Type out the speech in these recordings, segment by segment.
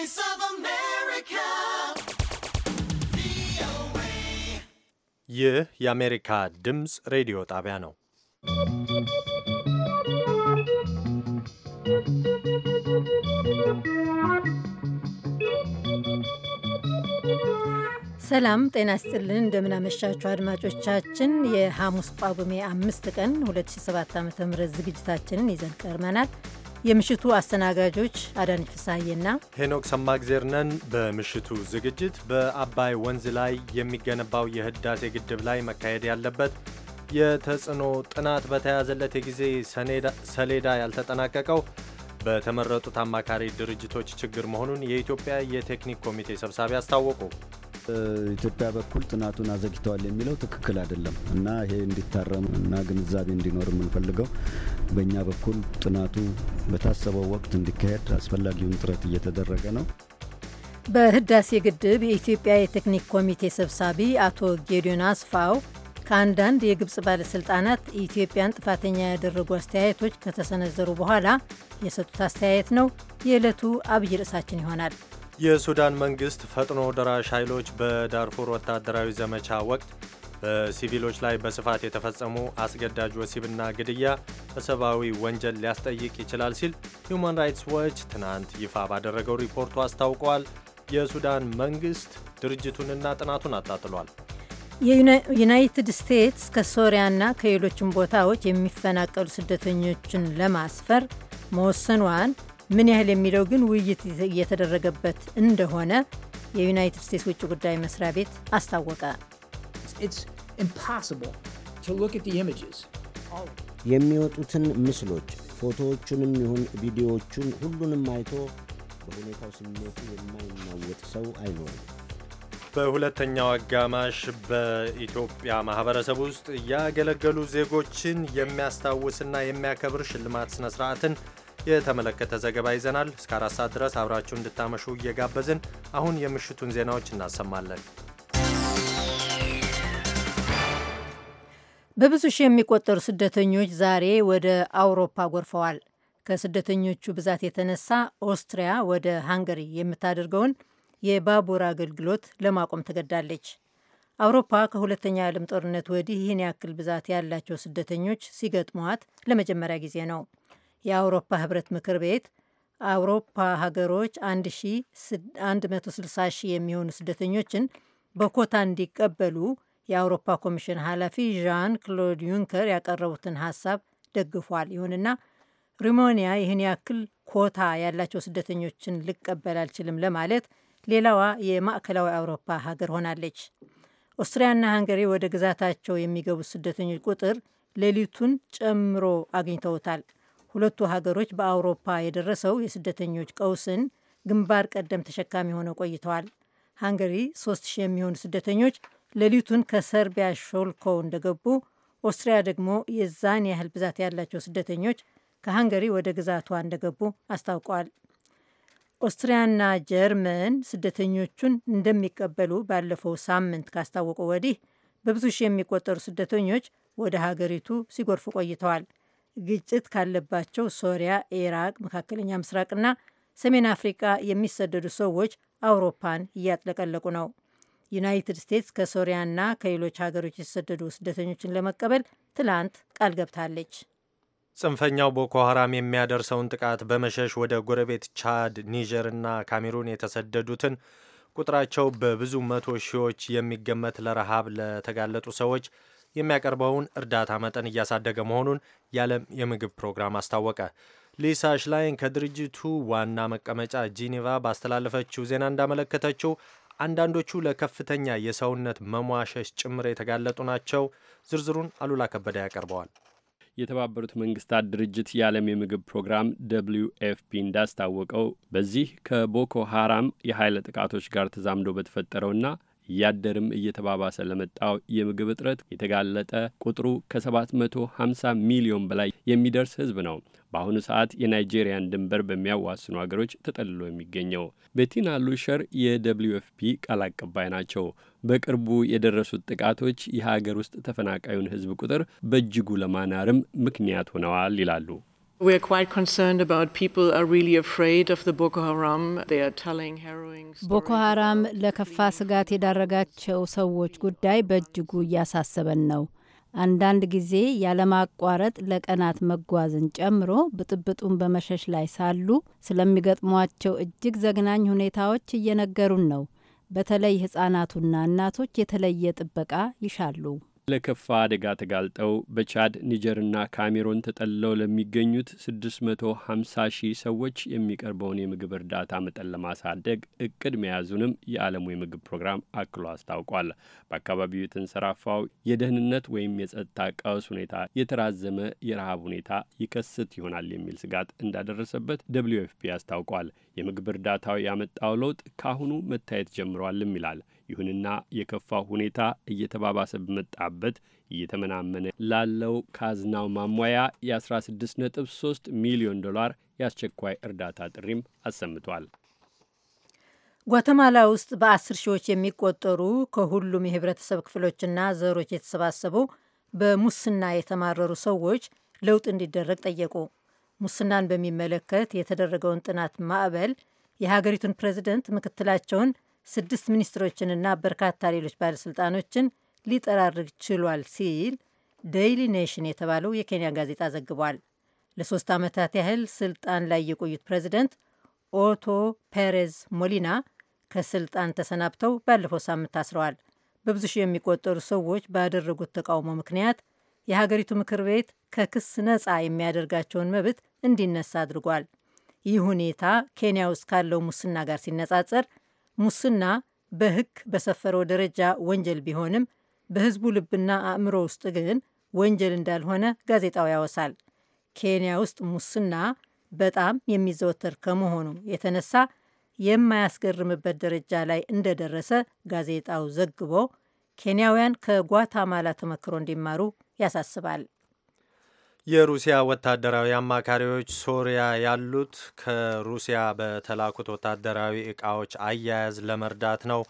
Voice of America. ይህ የአሜሪካ ድምፅ ሬዲዮ ጣቢያ ነው። ሰላም ጤና ስጥልን። እንደምናመሻችሁ አድማጮቻችን የሐሙስ ጳጉሜ አምስት ቀን 2007 ዓ ም ዝግጅታችንን ይዘን ቀርበናል። የምሽቱ አስተናጋጆች አዳነች ፍስሐዬና ሄኖክ ሰማግዜር ነን። በምሽቱ ዝግጅት በአባይ ወንዝ ላይ የሚገነባው የህዳሴ ግድብ ላይ መካሄድ ያለበት የተጽዕኖ ጥናት በተያዘለት የጊዜ ሰሌዳ ያልተጠናቀቀው በተመረጡት አማካሪ ድርጅቶች ችግር መሆኑን የኢትዮጵያ የቴክኒክ ኮሚቴ ሰብሳቢ አስታወቁ። ኢትዮጵያ በኩል ጥናቱን አዘግተዋል የሚለው ትክክል አይደለም እና ይሄ እንዲታረም እና ግንዛቤ እንዲኖር የምንፈልገው በእኛ በኩል ጥናቱ በታሰበው ወቅት እንዲካሄድ አስፈላጊውን ጥረት እየተደረገ ነው። በህዳሴ ግድብ የኢትዮጵያ የቴክኒክ ኮሚቴ ሰብሳቢ አቶ ጌዲዮን አስፋው ከአንዳንድ የግብፅ ባለሥልጣናት ኢትዮጵያን ጥፋተኛ ያደረጉ አስተያየቶች ከተሰነዘሩ በኋላ የሰጡት አስተያየት ነው። የዕለቱ አብይ ርዕሳችን ይሆናል። የሱዳን መንግስት ፈጥኖ ደራሽ ኃይሎች በዳርፉር ወታደራዊ ዘመቻ ወቅት በሲቪሎች ላይ በስፋት የተፈጸሙ አስገዳጅ ወሲብና ግድያ በሰብአዊ ወንጀል ሊያስጠይቅ ይችላል ሲል ሁማን ራይትስ ዎች ትናንት ይፋ ባደረገው ሪፖርቱ አስታውቋል። የሱዳን መንግስት ድርጅቱንና ጥናቱን አጣጥሏል። የዩናይትድ ስቴትስ ከሶሪያና ከሌሎችም ቦታዎች የሚፈናቀሉ ስደተኞችን ለማስፈር መወሰኗን ምን ያህል የሚለው ግን ውይይት እየተደረገበት እንደሆነ የዩናይትድ ስቴትስ ውጭ ጉዳይ መስሪያ ቤት አስታወቀ። የሚወጡትን ምስሎች ፎቶዎቹንም ይሁን ቪዲዮዎቹን ሁሉንም አይቶ በሁኔታው ስሜቱ የማይናወጥ ሰው አይኖርም። በሁለተኛው አጋማሽ በኢትዮጵያ ማህበረሰብ ውስጥ ያገለገሉ ዜጎችን የሚያስታውስና የሚያከብር ሽልማት ስነ ስርዓትን የተመለከተ ዘገባ ይዘናል። እስከ አራት ሰዓት ድረስ አብራችሁ እንድታመሹ እየጋበዝን አሁን የምሽቱን ዜናዎች እናሰማለን። በብዙ ሺህ የሚቆጠሩ ስደተኞች ዛሬ ወደ አውሮፓ ጎርፈዋል። ከስደተኞቹ ብዛት የተነሳ ኦስትሪያ ወደ ሃንገሪ የምታደርገውን የባቡር አገልግሎት ለማቆም ተገዳለች። አውሮፓ ከሁለተኛ ዓለም ጦርነት ወዲህ ይህን ያክል ብዛት ያላቸው ስደተኞች ሲገጥሟት ለመጀመሪያ ጊዜ ነው። የአውሮፓ ህብረት ምክር ቤት አውሮፓ ሀገሮች 160 ሺህ የሚሆኑ ስደተኞችን በኮታ እንዲቀበሉ የአውሮፓ ኮሚሽን ኃላፊ ዣን ክሎድ ዩንከር ያቀረቡትን ሀሳብ ደግፏል። ይሁንና ሪሞኒያ ይህን ያክል ኮታ ያላቸው ስደተኞችን ልቀበል አልችልም ለማለት ሌላዋ የማዕከላዊ አውሮፓ ሀገር ሆናለች። ኦስትሪያና ሃንገሪ ወደ ግዛታቸው የሚገቡት ስደተኞች ቁጥር ሌሊቱን ጨምሮ አግኝተውታል። ሁለቱ ሀገሮች በአውሮፓ የደረሰው የስደተኞች ቀውስን ግንባር ቀደም ተሸካሚ ሆነው ቆይተዋል። ሃንገሪ 3000 የሚሆኑ ስደተኞች ሌሊቱን ከሰርቢያ ሾልኮ እንደገቡ፣ ኦስትሪያ ደግሞ የዛን ያህል ብዛት ያላቸው ስደተኞች ከሃንገሪ ወደ ግዛቷ እንደገቡ አስታውቀዋል። ኦስትሪያና ጀርመን ስደተኞቹን እንደሚቀበሉ ባለፈው ሳምንት ካስታወቁ ወዲህ በብዙ ሺህ የሚቆጠሩ ስደተኞች ወደ ሀገሪቱ ሲጎርፉ ቆይተዋል። ግጭት ካለባቸው ሶሪያ፣ ኢራቅ፣ መካከለኛ ምስራቅና ሰሜን አፍሪቃ የሚሰደዱ ሰዎች አውሮፓን እያጥለቀለቁ ነው። ዩናይትድ ስቴትስ ከሶሪያና ከሌሎች ሀገሮች የተሰደዱ ስደተኞችን ለመቀበል ትላንት ቃል ገብታለች። ጽንፈኛው ቦኮ ሀራም የሚያደርሰውን ጥቃት በመሸሽ ወደ ጎረቤት ቻድ፣ ኒጀርና ካሜሩን የተሰደዱትን ቁጥራቸው በብዙ መቶ ሺዎች የሚገመት ለረሃብ ለተጋለጡ ሰዎች የሚያቀርበውን እርዳታ መጠን እያሳደገ መሆኑን የዓለም የምግብ ፕሮግራም አስታወቀ። ሊሳ ሽላይን ከድርጅቱ ዋና መቀመጫ ጂኒቫ ባስተላለፈችው ዜና እንዳመለከተችው አንዳንዶቹ ለከፍተኛ የሰውነት መሟሸሽ ጭምር የተጋለጡ ናቸው። ዝርዝሩን አሉላ ከበደ ያቀርበዋል። የተባበሩት መንግስታት ድርጅት የዓለም የምግብ ፕሮግራም ደብልዩ ኤፍፒ እንዳስታወቀው በዚህ ከቦኮ ሃራም የኃይለ ጥቃቶች ጋር ተዛምዶ በተፈጠረውና እያደርም እየተባባሰ ለመጣው የምግብ እጥረት የተጋለጠ ቁጥሩ ከ750 ሚሊዮን በላይ የሚደርስ ህዝብ ነው በአሁኑ ሰዓት የናይጄሪያን ድንበር በሚያዋስኑ አገሮች ተጠልሎ የሚገኘው። ቤቲና ሉሸር የደብሊዩ ኤፍ ፒ ቃል አቀባይ ናቸው። በቅርቡ የደረሱት ጥቃቶች የሀገር ውስጥ ተፈናቃዩን ህዝብ ቁጥር በእጅጉ ለማናርም ምክንያት ሆነዋል ይላሉ። ቦኮ ሀራም ለከፋ ስጋት የዳረጋቸው ሰዎች ጉዳይ በእጅጉ እያሳሰበን ነው። አንዳንድ ጊዜ ያለማቋረጥ ለቀናት መጓዝን ጨምሮ ብጥብጡን በመሸሽ ላይ ሳሉ ስለሚገጥሟቸው እጅግ ዘግናኝ ሁኔታዎች እየነገሩን ነው። በተለይ ሕጻናቱና እናቶች የተለየ ጥበቃ ይሻሉ። ለከፋ አደጋ ተጋልጠው በቻድ ኒጀርና ካሜሮን ተጠልለው ለሚገኙት 650 ሺህ ሰዎች የሚቀርበውን የምግብ እርዳታ መጠን ለማሳደግ እቅድ መያዙንም የዓለሙ የምግብ ፕሮግራም አክሎ አስታውቋል። በአካባቢው የተንሰራፋው የደህንነት ወይም የጸጥታ ቀውስ ሁኔታ የተራዘመ የረሃብ ሁኔታ ይከስት ይሆናል የሚል ስጋት እንዳደረሰበት ደብሊዩ ኤፍ ፒ አስታውቋል። የምግብ እርዳታው ያመጣው ለውጥ ከአሁኑ መታየት ጀምሯልም ይላል። ይሁንና የከፋው ሁኔታ እየተባባሰ በመጣበት እየተመናመነ ላለው ካዝናው ማሟያ የ16.3 ሚሊዮን ዶላር የአስቸኳይ እርዳታ ጥሪም አሰምቷል። ጓተማላ ውስጥ በአስር ሺዎች የሚቆጠሩ ከሁሉም የህብረተሰብ ክፍሎችና ዘሮች የተሰባሰቡ በሙስና የተማረሩ ሰዎች ለውጥ እንዲደረግ ጠየቁ። ሙስናን በሚመለከት የተደረገውን ጥናት ማዕበል የሀገሪቱን ፕሬዚደንት ምክትላቸውን ስድስት ሚኒስትሮችንና በርካታ ሌሎች ባለሥልጣኖችን ሊጠራርግ ችሏል ሲል ዴይሊ ኔሽን የተባለው የኬንያ ጋዜጣ ዘግቧል። ለሶስት ዓመታት ያህል ስልጣን ላይ የቆዩት ፕሬዚደንት ኦቶ ፔሬዝ ሞሊና ከስልጣን ተሰናብተው ባለፈው ሳምንት ታስረዋል። በብዙ ሺህ የሚቆጠሩ ሰዎች ባደረጉት ተቃውሞ ምክንያት የሀገሪቱ ምክር ቤት ከክስ ነፃ የሚያደርጋቸውን መብት እንዲነሳ አድርጓል። ይህ ሁኔታ ኬንያ ውስጥ ካለው ሙስና ጋር ሲነጻጸር ሙስና በሕግ በሰፈረው ደረጃ ወንጀል ቢሆንም በሕዝቡ ልብና አእምሮ ውስጥ ግን ወንጀል እንዳልሆነ ጋዜጣው ያወሳል። ኬንያ ውስጥ ሙስና በጣም የሚዘወተር ከመሆኑ የተነሳ የማያስገርምበት ደረጃ ላይ እንደደረሰ ጋዜጣው ዘግቦ ኬንያውያን ከጓታማላ ተመክሮ እንዲማሩ ያሳስባል። የሩሲያ ወታደራዊ አማካሪዎች ሶሪያ ያሉት ከሩሲያ በተላኩት ወታደራዊ እቃዎች አያያዝ ለመርዳት ነው፣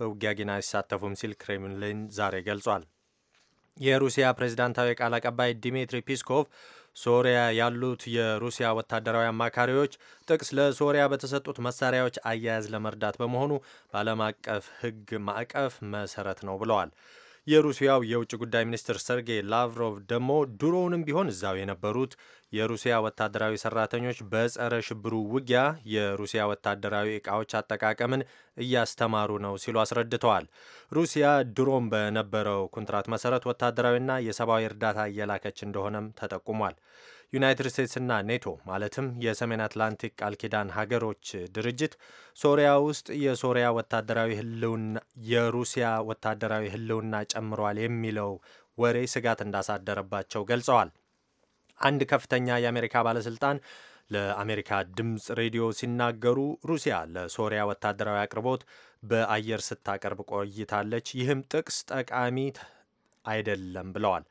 በውጊያ ግን አይሳተፉም ሲል ክሬምሊን ዛሬ ገልጿል። የሩሲያ ፕሬዝዳንታዊ ቃል አቀባይ ዲሚትሪ ፒስኮቭ ሶሪያ ያሉት የሩሲያ ወታደራዊ አማካሪዎች ጥቅስ ለሶሪያ በተሰጡት መሳሪያዎች አያያዝ ለመርዳት በመሆኑ በዓለም አቀፍ ሕግ ማዕቀፍ መሰረት ነው ብለዋል። የሩሲያው የውጭ ጉዳይ ሚኒስትር ሰርጌይ ላቭሮቭ ደግሞ ድሮውንም ቢሆን እዛው የነበሩት የሩሲያ ወታደራዊ ሰራተኞች በጸረ ሽብሩ ውጊያ የሩሲያ ወታደራዊ ዕቃዎች አጠቃቀምን እያስተማሩ ነው ሲሉ አስረድተዋል። ሩሲያ ድሮም በነበረው ኩንትራት መሰረት ወታደራዊና የሰብአዊ እርዳታ እየላከች እንደሆነም ተጠቁሟል። ዩናይትድ ስቴትስና ኔቶ ማለትም የሰሜን አትላንቲክ ቃል ኪዳን ሀገሮች ድርጅት ሶሪያ ውስጥ የሶሪያ ወታደራዊ ህልውና የሩሲያ ወታደራዊ ህልውና ጨምሯል የሚለው ወሬ ስጋት እንዳሳደረባቸው ገልጸዋል። አንድ ከፍተኛ የአሜሪካ ባለስልጣን ለአሜሪካ ድምፅ ሬዲዮ ሲናገሩ ሩሲያ ለሶሪያ ወታደራዊ አቅርቦት በአየር ስታቀርብ ቆይታለች፣ ይህም ጥቅስ ጠቃሚ አይደለም ብለዋል።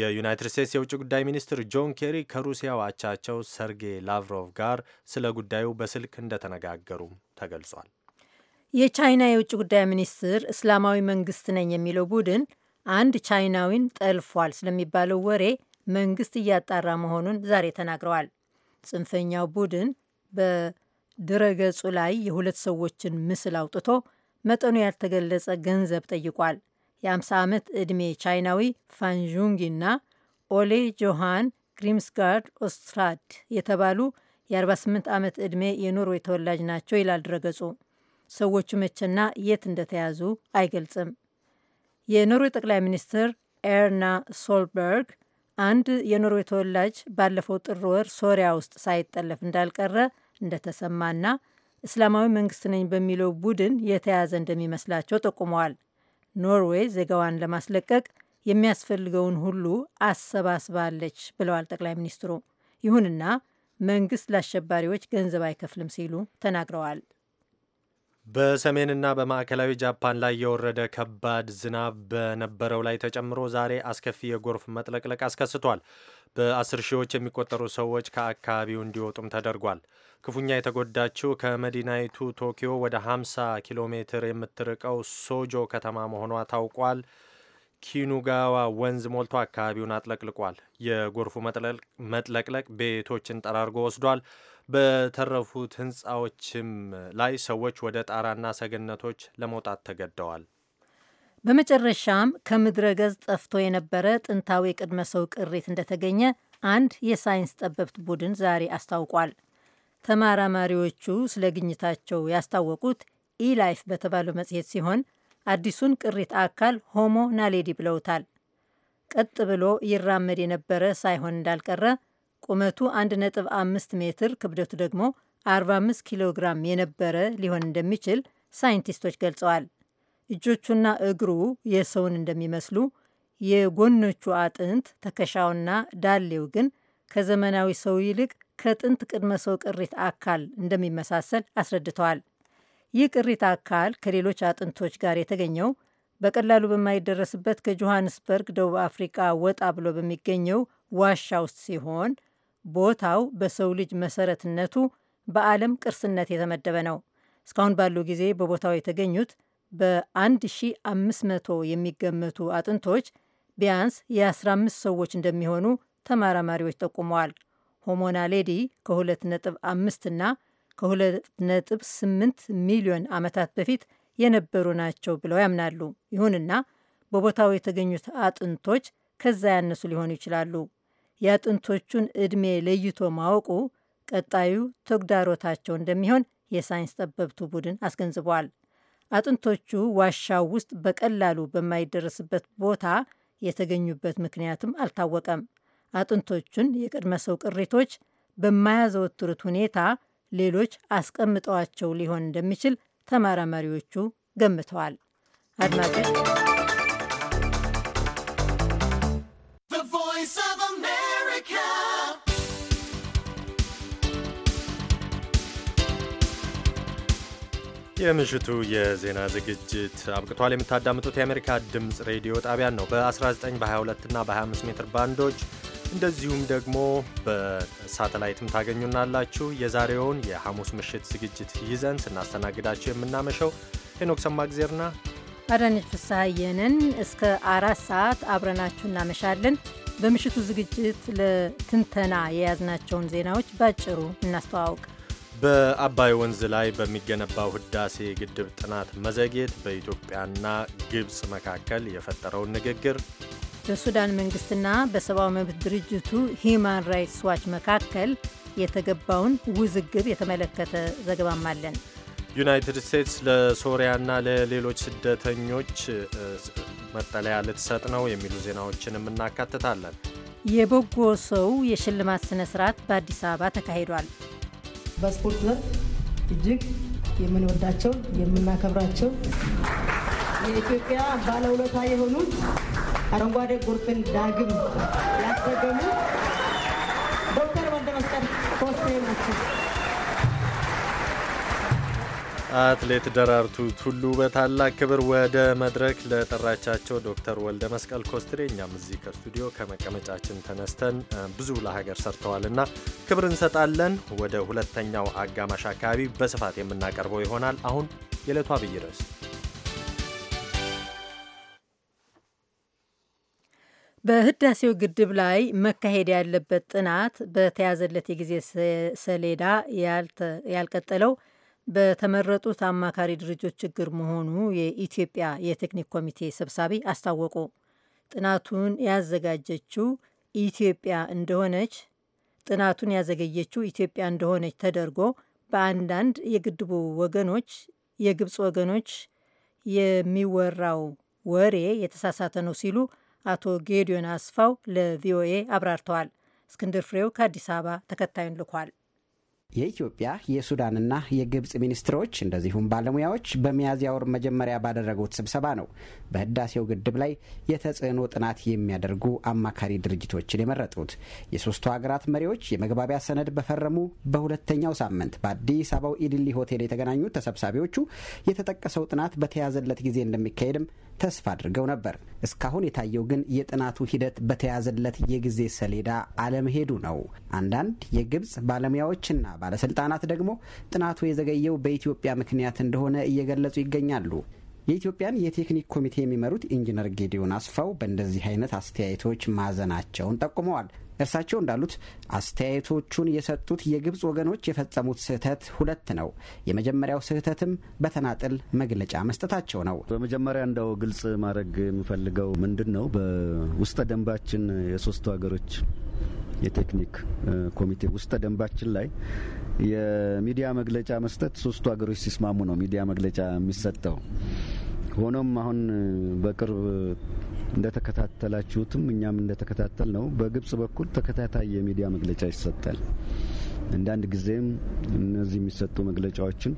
የዩናይትድ ስቴትስ የውጭ ጉዳይ ሚኒስትር ጆን ኬሪ ከሩሲያ አቻቸው ሰርጌይ ላቭሮቭ ጋር ስለ ጉዳዩ በስልክ እንደተነጋገሩም ተገልጿል። የቻይና የውጭ ጉዳይ ሚኒስትር እስላማዊ መንግስት ነኝ የሚለው ቡድን አንድ ቻይናዊን ጠልፏል ስለሚባለው ወሬ መንግስት እያጣራ መሆኑን ዛሬ ተናግረዋል። ጽንፈኛው ቡድን በድረገጹ ላይ የሁለት ሰዎችን ምስል አውጥቶ መጠኑ ያልተገለጸ ገንዘብ ጠይቋል። የ50 ዓመት ዕድሜ ቻይናዊ ፋንዡንጊና ኦሌ ጆሃን ግሪምስጋርድ ኦስትራድ የተባሉ የ48 ዓመት ዕድሜ የኖርዌይ ተወላጅ ናቸው ይላል ድረገጹ። ሰዎቹ መቼና የት እንደተያዙ አይገልጽም። የኖርዌይ ጠቅላይ ሚኒስትር ኤርና ሶልበርግ አንድ የኖርዌይ ተወላጅ ባለፈው ጥር ወር ሶሪያ ውስጥ ሳይጠለፍ እንዳልቀረ እንደተሰማና እስላማዊ መንግስት ነኝ በሚለው ቡድን የተያዘ እንደሚመስላቸው ጠቁመዋል። ኖርዌይ ዜጋዋን ለማስለቀቅ የሚያስፈልገውን ሁሉ አሰባስባለች ብለዋል ጠቅላይ ሚኒስትሩ። ይሁንና መንግስት ለአሸባሪዎች ገንዘብ አይከፍልም ሲሉ ተናግረዋል። በሰሜንና በማዕከላዊ ጃፓን ላይ የወረደ ከባድ ዝናብ በነበረው ላይ ተጨምሮ ዛሬ አስከፊ የጎርፍ መጥለቅለቅ አስከስቷል። በአስር ሺዎች የሚቆጠሩ ሰዎች ከአካባቢው እንዲወጡም ተደርጓል። ክፉኛ የተጎዳችው ከመዲናይቱ ቶኪዮ ወደ 50 ኪሎ ሜትር የምትርቀው ሶጆ ከተማ መሆኗ ታውቋል። ኪኑጋዋ ወንዝ ሞልቶ አካባቢውን አጥለቅልቋል። የጎርፉ መጥለቅለቅ ቤቶችን ጠራርጎ ወስዷል። በተረፉት ህንፃዎችም ላይ ሰዎች ወደ ጣራና ሰገነቶች ለመውጣት ተገደዋል። በመጨረሻም ከምድረ ገጽ ጠፍቶ የነበረ ጥንታዊ ቅድመ ሰው ቅሪት እንደተገኘ አንድ የሳይንስ ጠበብት ቡድን ዛሬ አስታውቋል። ተማራማሪዎቹ ስለ ግኝታቸው ያስታወቁት ኢላይፍ በተባለው መጽሔት ሲሆን አዲሱን ቅሪት አካል ሆሞ ናሌዲ ብለውታል። ቀጥ ብሎ ይራመድ የነበረ ሳይሆን እንዳልቀረ ቁመቱ 1.5 ሜትር ክብደቱ ደግሞ 45 ኪሎ ግራም የነበረ ሊሆን እንደሚችል ሳይንቲስቶች ገልጸዋል። እጆቹና እግሩ የሰውን እንደሚመስሉ፣ የጎኖቹ አጥንት ትከሻውና ዳሌው ግን ከዘመናዊ ሰው ይልቅ ከጥንት ቅድመ ሰው ቅሪት አካል እንደሚመሳሰል አስረድተዋል። ይህ ቅሪት አካል ከሌሎች አጥንቶች ጋር የተገኘው በቀላሉ በማይደረስበት ከጆሃንስበርግ ደቡብ አፍሪቃ ወጣ ብሎ በሚገኘው ዋሻ ውስጥ ሲሆን ቦታው በሰው ልጅ መሰረትነቱ በዓለም ቅርስነት የተመደበ ነው። እስካሁን ባለው ጊዜ በቦታው የተገኙት በ1500 የሚገመቱ አጥንቶች ቢያንስ የ15 ሰዎች እንደሚሆኑ ተመራማሪዎች ጠቁመዋል። ሆሞና ሌዲ ከ2.5 እና ከ2.8 ሚሊዮን ዓመታት በፊት የነበሩ ናቸው ብለው ያምናሉ። ይሁንና በቦታው የተገኙት አጥንቶች ከዛ ያነሱ ሊሆኑ ይችላሉ። የአጥንቶቹን ዕድሜ ለይቶ ማወቁ ቀጣዩ ተግዳሮታቸው እንደሚሆን የሳይንስ ጠበብቱ ቡድን አስገንዝበዋል። አጥንቶቹ ዋሻው ውስጥ በቀላሉ በማይደረስበት ቦታ የተገኙበት ምክንያትም አልታወቀም። አጥንቶቹን የቅድመ ሰው ቅሪቶች በማያዘወትሩት ሁኔታ ሌሎች አስቀምጠዋቸው ሊሆን እንደሚችል ተመራማሪዎቹ ገምተዋል። አድማጮች የምሽቱ የዜና ዝግጅት አብቅቷል። የምታዳምጡት የአሜሪካ ድምፅ ሬዲዮ ጣቢያን ነው። በ19 በ22 እና በ25 ሜትር ባንዶች እንደዚሁም ደግሞ በሳተላይትም ታገኙናላችሁ። የዛሬውን የሐሙስ ምሽት ዝግጅት ይዘን ስናስተናግዳችሁ የምናመሸው ሄኖክ ሰማግዜርና አዳነች ፍስሐየንን እስከ አራት ሰዓት አብረናችሁ እናመሻለን። በምሽቱ ዝግጅት ለትንተና የያዝናቸውን ዜናዎች ባጭሩ እናስተዋውቅ። በአባይ ወንዝ ላይ በሚገነባው ህዳሴ ግድብ ጥናት መዘግየት በኢትዮጵያና ግብፅ መካከል የፈጠረውን ንግግር፣ በሱዳን መንግስትና በሰብአዊ መብት ድርጅቱ ሂማን ራይትስ ዋች መካከል የተገባውን ውዝግብ የተመለከተ ዘገባም አለን። ዩናይትድ ስቴትስ ለሶሪያና ለሌሎች ስደተኞች መጠለያ ልትሰጥ ነው የሚሉ ዜናዎችንም እናካትታለን። የበጎ ሰው የሽልማት ስነ ስርዓት በአዲስ አበባ ተካሂዷል። በስፖርት ዘርፍ እጅግ የምንወዳቸው የምናከብራቸው የኢትዮጵያ ባለውለታ የሆኑት አረንጓዴ ጎርፍን ዳግም ያስደገሙት ዶክተር ወልደመስቀል ኮስቴ ናቸው። አትሌት ደራርቱ ቱሉ በታላቅ ክብር ወደ መድረክ ለጠራቻቸው ዶክተር ወልደ መስቀል ኮስትሬ እኛም እዚህ ከስቱዲዮ ከመቀመጫችን ተነስተን ብዙ ለሀገር ሰርተዋልና ክብር እንሰጣለን። ወደ ሁለተኛው አጋማሽ አካባቢ በስፋት የምናቀርበው ይሆናል። አሁን የዕለቱ አብይ ርዕስ በህዳሴው ግድብ ላይ መካሄድ ያለበት ጥናት በተያዘለት የጊዜ ሰሌዳ ያልቀጠለው በተመረጡት አማካሪ ድርጅቶች ችግር መሆኑ የኢትዮጵያ የቴክኒክ ኮሚቴ ሰብሳቢ አስታወቁ። ጥናቱን ያዘጋጀችው ኢትዮጵያ እንደሆነች ጥናቱን ያዘገየችው ኢትዮጵያ እንደሆነች ተደርጎ በአንዳንድ የግድቡ ወገኖች የግብፅ ወገኖች የሚወራው ወሬ የተሳሳተ ነው ሲሉ አቶ ጌዲዮን አስፋው ለቪኦኤ አብራርተዋል። እስክንድር ፍሬው ከአዲስ አበባ ተከታዩን ልኳል። የኢትዮጵያ የሱዳንና የግብፅ ሚኒስትሮች እንደዚሁም ባለሙያዎች በሚያዝያ ወር መጀመሪያ ባደረጉት ስብሰባ ነው በህዳሴው ግድብ ላይ የተጽዕኖ ጥናት የሚያደርጉ አማካሪ ድርጅቶችን የመረጡት። የሶስቱ ሀገራት መሪዎች የመግባቢያ ሰነድ በፈረሙ በሁለተኛው ሳምንት በአዲስ አበባው ኢድሊ ሆቴል የተገናኙት ተሰብሳቢዎቹ የተጠቀሰው ጥናት በተያዘለት ጊዜ እንደሚካሄድም ተስፋ አድርገው ነበር። እስካሁን የታየው ግን የጥናቱ ሂደት በተያዘለት የጊዜ ሰሌዳ አለመሄዱ ነው። አንዳንድ የግብፅ ባለሙያዎችና ባለስልጣናት ደግሞ ጥናቱ የዘገየው በኢትዮጵያ ምክንያት እንደሆነ እየገለጹ ይገኛሉ። የኢትዮጵያን የቴክኒክ ኮሚቴ የሚመሩት ኢንጂነር ጌዲዮን አስፋው በእንደዚህ አይነት አስተያየቶች ማዘናቸውን ጠቁመዋል። እርሳቸው እንዳሉት አስተያየቶቹን የሰጡት የግብፅ ወገኖች የፈጸሙት ስህተት ሁለት ነው። የመጀመሪያው ስህተትም በተናጥል መግለጫ መስጠታቸው ነው። በመጀመሪያ እንደው ግልጽ ማድረግ የምፈልገው ምንድን ነው በውስጠ ደንባችን የሶስቱ ሀገሮች የቴክኒክ ኮሚቴ ውስጠ ደንባችን ላይ የሚዲያ መግለጫ መስጠት ሶስቱ ሀገሮች ሲስማሙ ነው ሚዲያ መግለጫ የሚሰጠው። ሆኖም አሁን በቅርብ እንደተከታተላችሁትም እኛም እንደተከታተል ነው። በግብጽ በኩል ተከታታይ የሚዲያ መግለጫ ይሰጣል። አንዳንድ ጊዜም እነዚህ የሚሰጡ መግለጫዎችን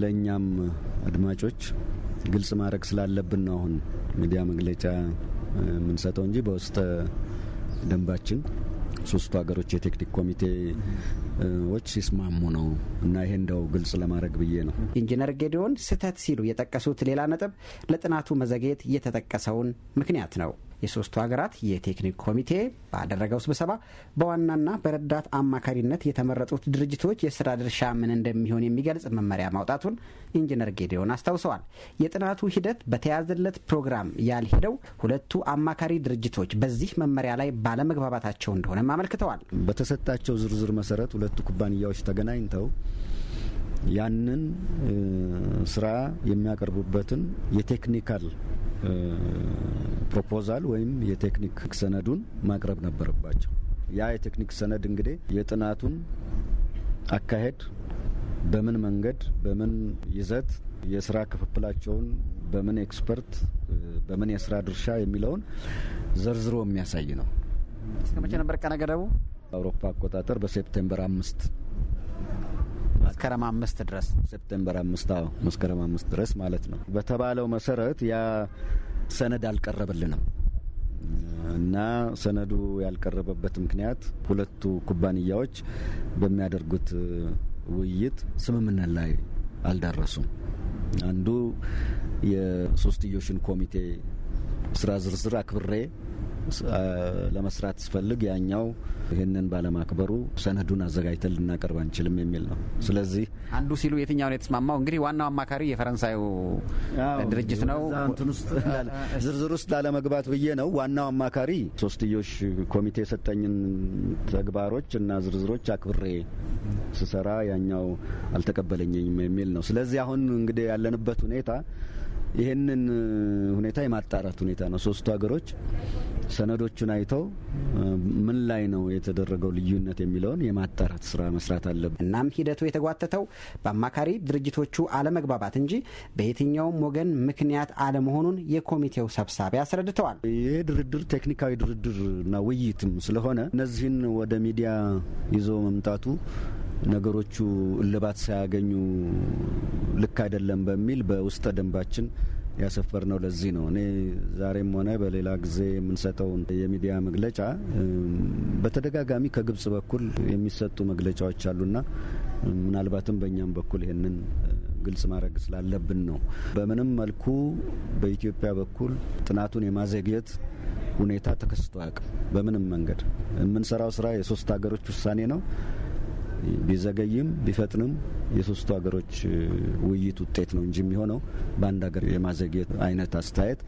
ለእኛም አድማጮች ግልጽ ማድረግ ስላለብን ነው አሁን ሚዲያ መግለጫ የምንሰጠው እንጂ በውስጥ ደንባችን ሶስቱ ሀገሮች የቴክኒክ ኮሚቴዎች ሲስማሙ ነው እና ይሄ እንደው ግልጽ ለማድረግ ብዬ ነው። ኢንጂነር ጌዲዮን ስህተት ሲሉ የጠቀሱት ሌላ ነጥብ ለጥናቱ መዘግየት የተጠቀሰውን ምክንያት ነው። የሶስቱ ሀገራት የቴክኒክ ኮሚቴ ባደረገው ስብሰባ በዋናና በረዳት አማካሪነት የተመረጡት ድርጅቶች የስራ ድርሻ ምን እንደሚሆን የሚገልጽ መመሪያ ማውጣቱን ኢንጂነር ጌዲዮን አስታውሰዋል። የጥናቱ ሂደት በተያዘለት ፕሮግራም ያልሄደው ሁለቱ አማካሪ ድርጅቶች በዚህ መመሪያ ላይ ባለመግባባታቸው እንደሆነም አመልክተዋል። በተሰጣቸው ዝርዝር መሰረት ሁለቱ ኩባንያዎች ተገናኝተው ያንን ስራ የሚያቀርቡበትን የቴክኒካል ፕሮፖዛል ወይም የቴክኒክ ሰነዱን ማቅረብ ነበረባቸው። ያ የቴክኒክ ሰነድ እንግዲህ የጥናቱን አካሄድ በምን መንገድ በምን ይዘት የስራ ክፍፍላቸውን በምን ኤክስፐርት በምን የስራ ድርሻ የሚለውን ዘርዝሮ የሚያሳይ ነው። እስከ መቼ ነበር ቀነ ገደቡ? አውሮፓ አቆጣጠር በሴፕቴምበር አምስት መስከረም አምስት ድረስ ሴፕቴምበር አምስት አዎ መስከረም አምስት ድረስ ማለት ነው። በተባለው መሰረት ያ ሰነድ አልቀረበልንም እና ሰነዱ ያልቀረበበት ምክንያት ሁለቱ ኩባንያዎች በሚያደርጉት ውይይት ስምምነት ላይ አልደረሱም። አንዱ የሶስትዮሽን ኮሚቴ ስራ ዝርዝር አክብሬ ለመስራት ስፈልግ ያኛው ይህንን ባለማክበሩ ሰነዱን አዘጋጅተን ልናቀርብ አንችልም የሚል ነው። ስለዚህ አንዱ ሲሉ የትኛው ነው የተስማማው? እንግዲህ ዋናው አማካሪ የፈረንሳዩ ድርጅት ነው። ዝርዝር ውስጥ ላለመግባት ብዬ ነው። ዋናው አማካሪ ሶስትዮሽ ኮሚቴ የሰጠኝን ተግባሮች እና ዝርዝሮች አክብሬ ስሰራ ያኛው አልተቀበለኝም የሚል ነው። ስለዚህ አሁን እንግዲህ ያለንበት ሁኔታ ይህንን ሁኔታ የማጣራት ሁኔታ ነው። ሶስቱ ሀገሮች ሰነዶቹን አይተው ምን ላይ ነው የተደረገው ልዩነት የሚለውን የማጣራት ስራ መስራት አለብን። እናም ሂደቱ የተጓተተው በአማካሪ ድርጅቶቹ አለመግባባት እንጂ በየትኛውም ወገን ምክንያት አለመሆኑን የኮሚቴው ሰብሳቢ አስረድተዋል። ይህ ድርድር ቴክኒካዊ ድርድርና ውይይትም ስለሆነ እነዚህን ወደ ሚዲያ ይዞ መምጣቱ ነገሮቹ እልባት ሳያገኙ ልክ አይደለም በሚል በውስጠ ደንባችን ያሰፈር ነው። ለዚህ ነው እኔ ዛሬም ሆነ በሌላ ጊዜ የምንሰጠውን የሚዲያ መግለጫ በተደጋጋሚ ከግብጽ በኩል የሚሰጡ መግለጫዎች አሉና ምናልባትም በእኛም በኩል ይህንን ግልጽ ማድረግ ስላለብን ነው። በምንም መልኩ በኢትዮጵያ በኩል ጥናቱን የማዘግየት ሁኔታ ተከስቶ አያውቅም። በምንም መንገድ የምንሰራው ስራ የሶስት ሀገሮች ውሳኔ ነው። ቢዘገይም ቢፈጥንም የሶስቱ ሀገሮች ውይይት ውጤት ነው እንጂ የሚሆነው በአንድ ሀገር የማዘግየት አይነት አስተያየት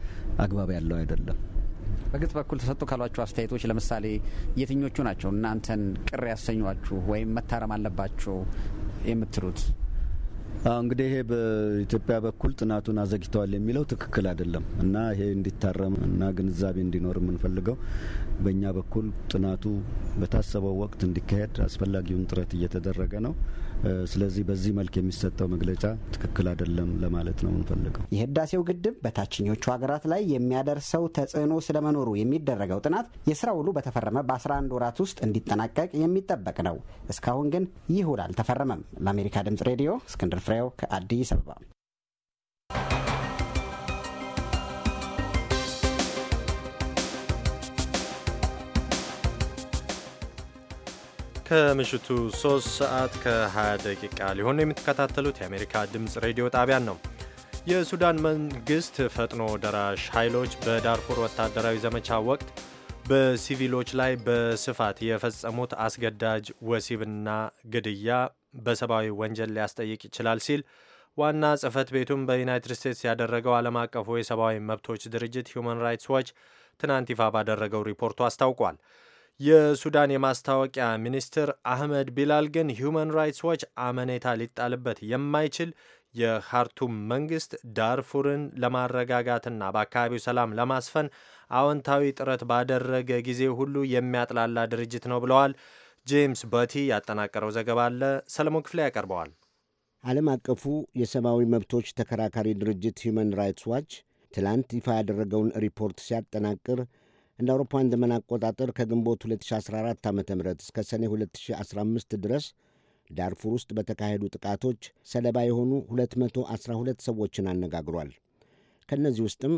አግባብ ያለው አይደለም። በግብጽ በኩል ተሰጡ ካሏቸው አስተያየቶች ለምሳሌ የትኞቹ ናቸው እናንተን ቅር ያሰኟችሁ ወይም መታረም አለባቸው የምትሉት? እንግዲህ ይሄ በኢትዮጵያ በኩል ጥናቱን አዘግተዋል የሚለው ትክክል አይደለም እና ይሄ እንዲታረም እና ግንዛቤ እንዲኖር የምንፈልገው በእኛ በኩል ጥናቱ በታሰበው ወቅት እንዲካሄድ አስፈላጊውን ጥረት እየተደረገ ነው። ስለዚህ በዚህ መልክ የሚሰጠው መግለጫ ትክክል አይደለም ለማለት ነው እንፈልገው። የህዳሴው ግድብ በታችኞቹ ሀገራት ላይ የሚያደርሰው ተጽዕኖ ስለመኖሩ የሚደረገው ጥናት የስራ ውሉ በተፈረመ በ11 ወራት ውስጥ እንዲጠናቀቅ የሚጠበቅ ነው። እስካሁን ግን ይህ ውል አልተፈረመም። ለአሜሪካ ድምጽ ሬዲዮ እስክንድር ፍሬው ከአዲስ አበባ ከምሽቱ 3 ሰዓት ከ20 ደቂቃ ሊሆን የምትከታተሉት የአሜሪካ ድምፅ ሬዲዮ ጣቢያን ነው። የሱዳን መንግስት ፈጥኖ ደራሽ ኃይሎች በዳርፉር ወታደራዊ ዘመቻ ወቅት በሲቪሎች ላይ በስፋት የፈጸሙት አስገዳጅ ወሲብና ግድያ በሰብአዊ ወንጀል ሊያስጠይቅ ይችላል ሲል ዋና ጽህፈት ቤቱን በዩናይትድ ስቴትስ ያደረገው ዓለም አቀፉ የሰብአዊ መብቶች ድርጅት ሁማን ራይትስ ዋች ትናንት ይፋ ባደረገው ሪፖርቱ አስታውቋል። የሱዳን የማስታወቂያ ሚኒስትር አህመድ ቢላል ግን ሁማን ራይትስ ዋች አመኔታ ሊጣልበት የማይችል የካርቱም መንግስት ዳርፉርን ለማረጋጋትና በአካባቢው ሰላም ለማስፈን አዎንታዊ ጥረት ባደረገ ጊዜ ሁሉ የሚያጥላላ ድርጅት ነው ብለዋል። ጄምስ በቲ ያጠናቀረው ዘገባ አለ፣ ሰለሞን ክፍሌ ያቀርበዋል። ዓለም አቀፉ የሰብአዊ መብቶች ተከራካሪ ድርጅት ሁማን ራይትስ ዋች ትላንት ይፋ ያደረገውን ሪፖርት ሲያጠናቅር እንደ አውሮፓውያን ዘመን አቆጣጠር ከግንቦት 2014 ዓ ም እስከ ሰኔ 2015 ድረስ ዳርፉር ውስጥ በተካሄዱ ጥቃቶች ሰለባ የሆኑ 212 ሰዎችን አነጋግሯል። ከእነዚህ ውስጥም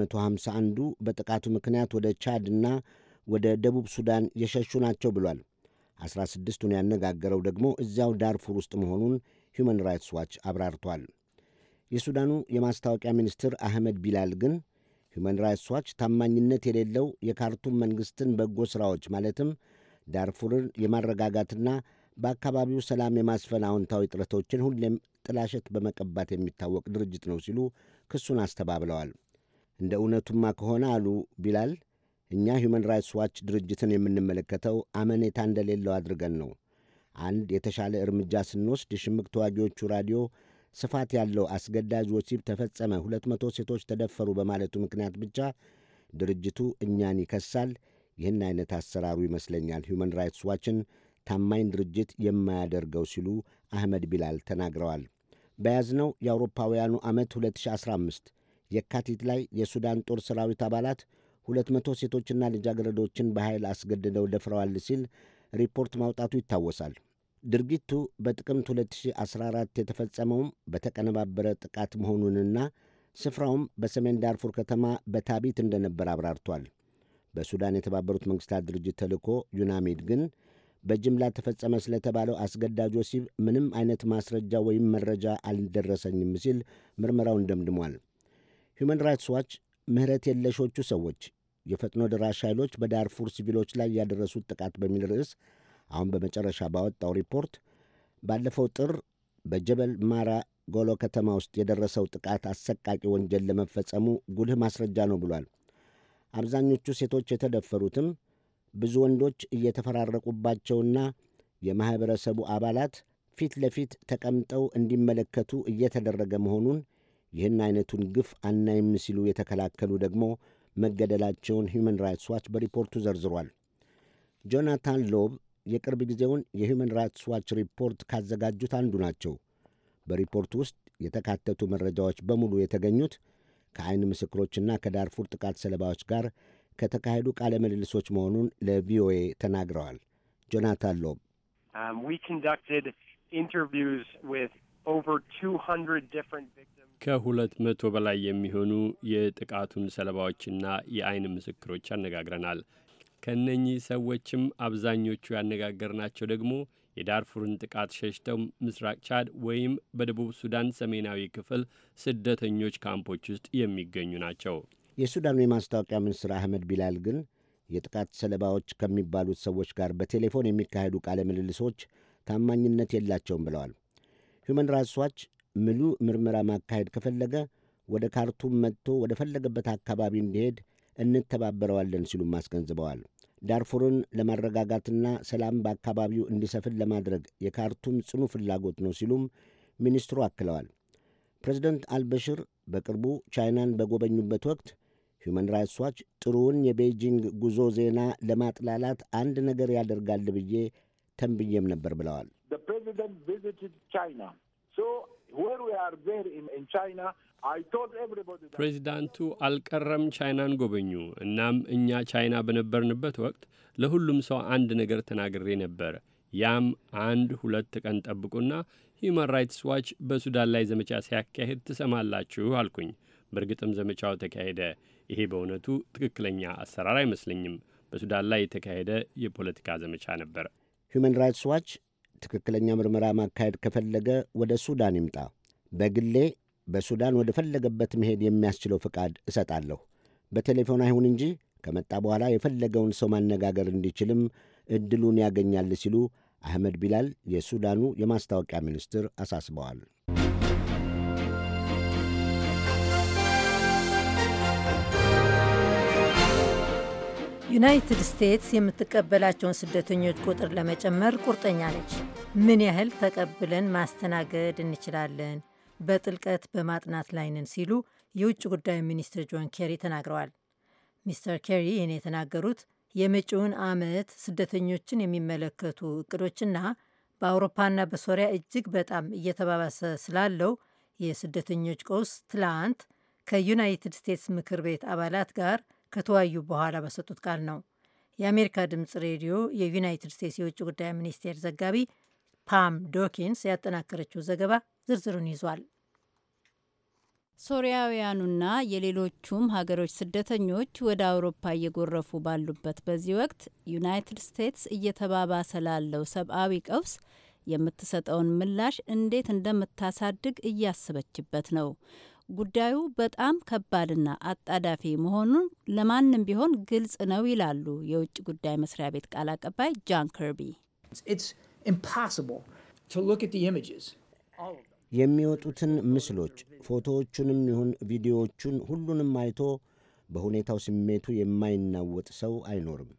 151 በጥቃቱ ምክንያት ወደ ቻድ ና ወደ ደቡብ ሱዳን የሸሹ ናቸው ብሏል። 16ቱን ያነጋገረው ደግሞ እዚያው ዳርፉር ውስጥ መሆኑን ሁማን ራይትስ ዋች አብራርቷል። የሱዳኑ የማስታወቂያ ሚኒስትር አህመድ ቢላል ግን ሁመን ራይትስ ዋች ታማኝነት የሌለው የካርቱም መንግሥትን በጎ ሥራዎች ማለትም ዳርፉርን የማረጋጋትና በአካባቢው ሰላም የማስፈን አዎንታዊ ጥረቶችን ሁሌም ጥላሸት በመቀባት የሚታወቅ ድርጅት ነው ሲሉ ክሱን አስተባብለዋል። እንደ እውነቱማ ከሆነ አሉ ቢላል፣ እኛ ሁመን ራይትስ ዋች ድርጅትን የምንመለከተው አመኔታ እንደሌለው አድርገን ነው። አንድ የተሻለ እርምጃ ስንወስድ የሽምቅ ተዋጊዎቹ ራዲዮ ስፋት ያለው አስገዳጅ ወሲብ ተፈጸመ፣ 200 ሴቶች ተደፈሩ በማለቱ ምክንያት ብቻ ድርጅቱ እኛን ይከሳል። ይህን አይነት አሰራሩ ይመስለኛል ሁማን ራይትስ ዋችን ታማኝ ድርጅት የማያደርገው ሲሉ አህመድ ቢላል ተናግረዋል። በያዝነው የአውሮፓውያኑ ዓመት 2015 የካቲት ላይ የሱዳን ጦር ሰራዊት አባላት 200 ሴቶችና ልጃገረዶችን በኃይል አስገድደው ደፍረዋል ሲል ሪፖርት ማውጣቱ ይታወሳል። ድርጊቱ በጥቅምት 2014 የተፈጸመውም በተቀነባበረ ጥቃት መሆኑንና ስፍራውም በሰሜን ዳርፉር ከተማ በታቢት እንደነበር አብራርቷል። በሱዳን የተባበሩት መንግሥታት ድርጅት ተልእኮ ዩናሚድ ግን በጅምላ ተፈጸመ ስለተባለው አስገዳጅ ወሲብ ምንም አይነት ማስረጃ ወይም መረጃ አልደረሰኝም ሲል ምርመራውን ደምድሟል። ሁማን ራይትስ ዋች ምህረት የለሾቹ ሰዎች የፈጥኖ ደራሽ ኃይሎች በዳርፉር ሲቪሎች ላይ ያደረሱት ጥቃት በሚል ርዕስ አሁን በመጨረሻ ባወጣው ሪፖርት ባለፈው ጥር በጀበል ማራ ጎሎ ከተማ ውስጥ የደረሰው ጥቃት አሰቃቂ ወንጀል ለመፈጸሙ ጉልህ ማስረጃ ነው ብሏል። አብዛኞቹ ሴቶች የተደፈሩትም ብዙ ወንዶች እየተፈራረቁባቸውና የማኅበረሰቡ አባላት ፊት ለፊት ተቀምጠው እንዲመለከቱ እየተደረገ መሆኑን ይህን አይነቱን ግፍ አናይም ሲሉ የተከላከሉ ደግሞ መገደላቸውን ሁመን ራይትስ ዋች በሪፖርቱ ዘርዝሯል። ጆናታን ሎብ የቅርብ ጊዜውን የሁመን ራይትስ ዋች ሪፖርት ካዘጋጁት አንዱ ናቸው። በሪፖርቱ ውስጥ የተካተቱ መረጃዎች በሙሉ የተገኙት ከአይን ምስክሮችና ከዳርፉር ጥቃት ሰለባዎች ጋር ከተካሄዱ ቃለ ምልልሶች መሆኑን ለቪኦኤ ተናግረዋል። ጆናታን ሎብ um, ከሁለት መቶ በላይ የሚሆኑ የጥቃቱን ሰለባዎችና የአይን ምስክሮች አነጋግረናል። ከእነኚህ ሰዎችም አብዛኞቹ ያነጋገርናቸው ደግሞ የዳርፉርን ጥቃት ሸሽተው ምስራቅ ቻድ ወይም በደቡብ ሱዳን ሰሜናዊ ክፍል ስደተኞች ካምፖች ውስጥ የሚገኙ ናቸው። የሱዳኑ የማስታወቂያ ሚኒስትር አህመድ ቢላል ግን የጥቃት ሰለባዎች ከሚባሉት ሰዎች ጋር በቴሌፎን የሚካሄዱ ቃለ ምልልሶች ታማኝነት የላቸውም ብለዋል። ሁመን ራይትስ ዋች ምሉ ምርመራ ማካሄድ ከፈለገ ወደ ካርቱም መጥቶ ወደ ፈለገበት አካባቢ እንዲሄድ እንተባበረዋለን ሲሉም አስገንዝበዋል። ዳርፉርን ለማረጋጋትና ሰላም በአካባቢው እንዲሰፍን ለማድረግ የካርቱም ጽኑ ፍላጎት ነው ሲሉም ሚኒስትሩ አክለዋል። ፕሬዚደንት አልበሽር በቅርቡ ቻይናን በጎበኙበት ወቅት ሁመን ራይትስ ዋች ጥሩውን የቤይጂንግ ጉዞ ዜና ለማጥላላት አንድ ነገር ያደርጋል ብዬ ተንብዬም ነበር ብለዋል። ፕሬዚዳንቱ አልቀረም ቻይናን ጎበኙ። እናም እኛ ቻይና በነበርንበት ወቅት ለሁሉም ሰው አንድ ነገር ተናግሬ ነበር። ያም አንድ ሁለት ቀን ጠብቁና ሂዩማን ራይትስ ዋች በሱዳን ላይ ዘመቻ ሲያካሄድ ትሰማላችሁ አልኩኝ። በእርግጥም ዘመቻው ተካሄደ። ይሄ በእውነቱ ትክክለኛ አሰራር አይመስለኝም። በሱዳን ላይ የተካሄደ የፖለቲካ ዘመቻ ነበር። ሂዩማን ራይትስ ዋች ትክክለኛ ምርመራ ማካሄድ ከፈለገ ወደ ሱዳን ይምጣ። በግሌ በሱዳን ወደ ፈለገበት መሄድ የሚያስችለው ፍቃድ እሰጣለሁ። በቴሌፎን አይሁን እንጂ ከመጣ በኋላ የፈለገውን ሰው ማነጋገር እንዲችልም እድሉን ያገኛል ሲሉ አህመድ ቢላል የሱዳኑ የማስታወቂያ ሚኒስትር አሳስበዋል። ዩናይትድ ስቴትስ የምትቀበላቸውን ስደተኞች ቁጥር ለመጨመር ቁርጠኛ ነች። ምን ያህል ተቀብለን ማስተናገድ እንችላለን? በጥልቀት በማጥናት ላይ ነን ሲሉ የውጭ ጉዳይ ሚኒስትር ጆን ኬሪ ተናግረዋል። ሚስተር ኬሪ ይህን የተናገሩት የመጪውን ዓመት ስደተኞችን የሚመለከቱ እቅዶችና በአውሮፓና በሶሪያ እጅግ በጣም እየተባባሰ ስላለው የስደተኞች ቀውስ ትላንት ከዩናይትድ ስቴትስ ምክር ቤት አባላት ጋር ከተወያዩ በኋላ በሰጡት ቃል ነው። የአሜሪካ ድምፅ ሬዲዮ የዩናይትድ ስቴትስ የውጭ ጉዳይ ሚኒስቴር ዘጋቢ ፓም ዶኪንስ ያጠናከረችው ዘገባ ዝርዝሩን ይዟል። ሶሪያውያኑና የሌሎቹም ሀገሮች ስደተኞች ወደ አውሮፓ እየጎረፉ ባሉበት በዚህ ወቅት ዩናይትድ ስቴትስ እየተባባሰ ላለው ሰብአዊ ቀውስ የምትሰጠውን ምላሽ እንዴት እንደምታሳድግ እያሰበችበት ነው። ጉዳዩ በጣም ከባድና አጣዳፊ መሆኑን ለማንም ቢሆን ግልጽ ነው ይላሉ የውጭ ጉዳይ መስሪያ ቤት ቃል አቀባይ ጃን ከርቢ። የሚወጡትን ምስሎች ፎቶዎቹንም ይሁን ቪዲዮዎቹን ሁሉንም አይቶ በሁኔታው ስሜቱ የማይናወጥ ሰው አይኖርም።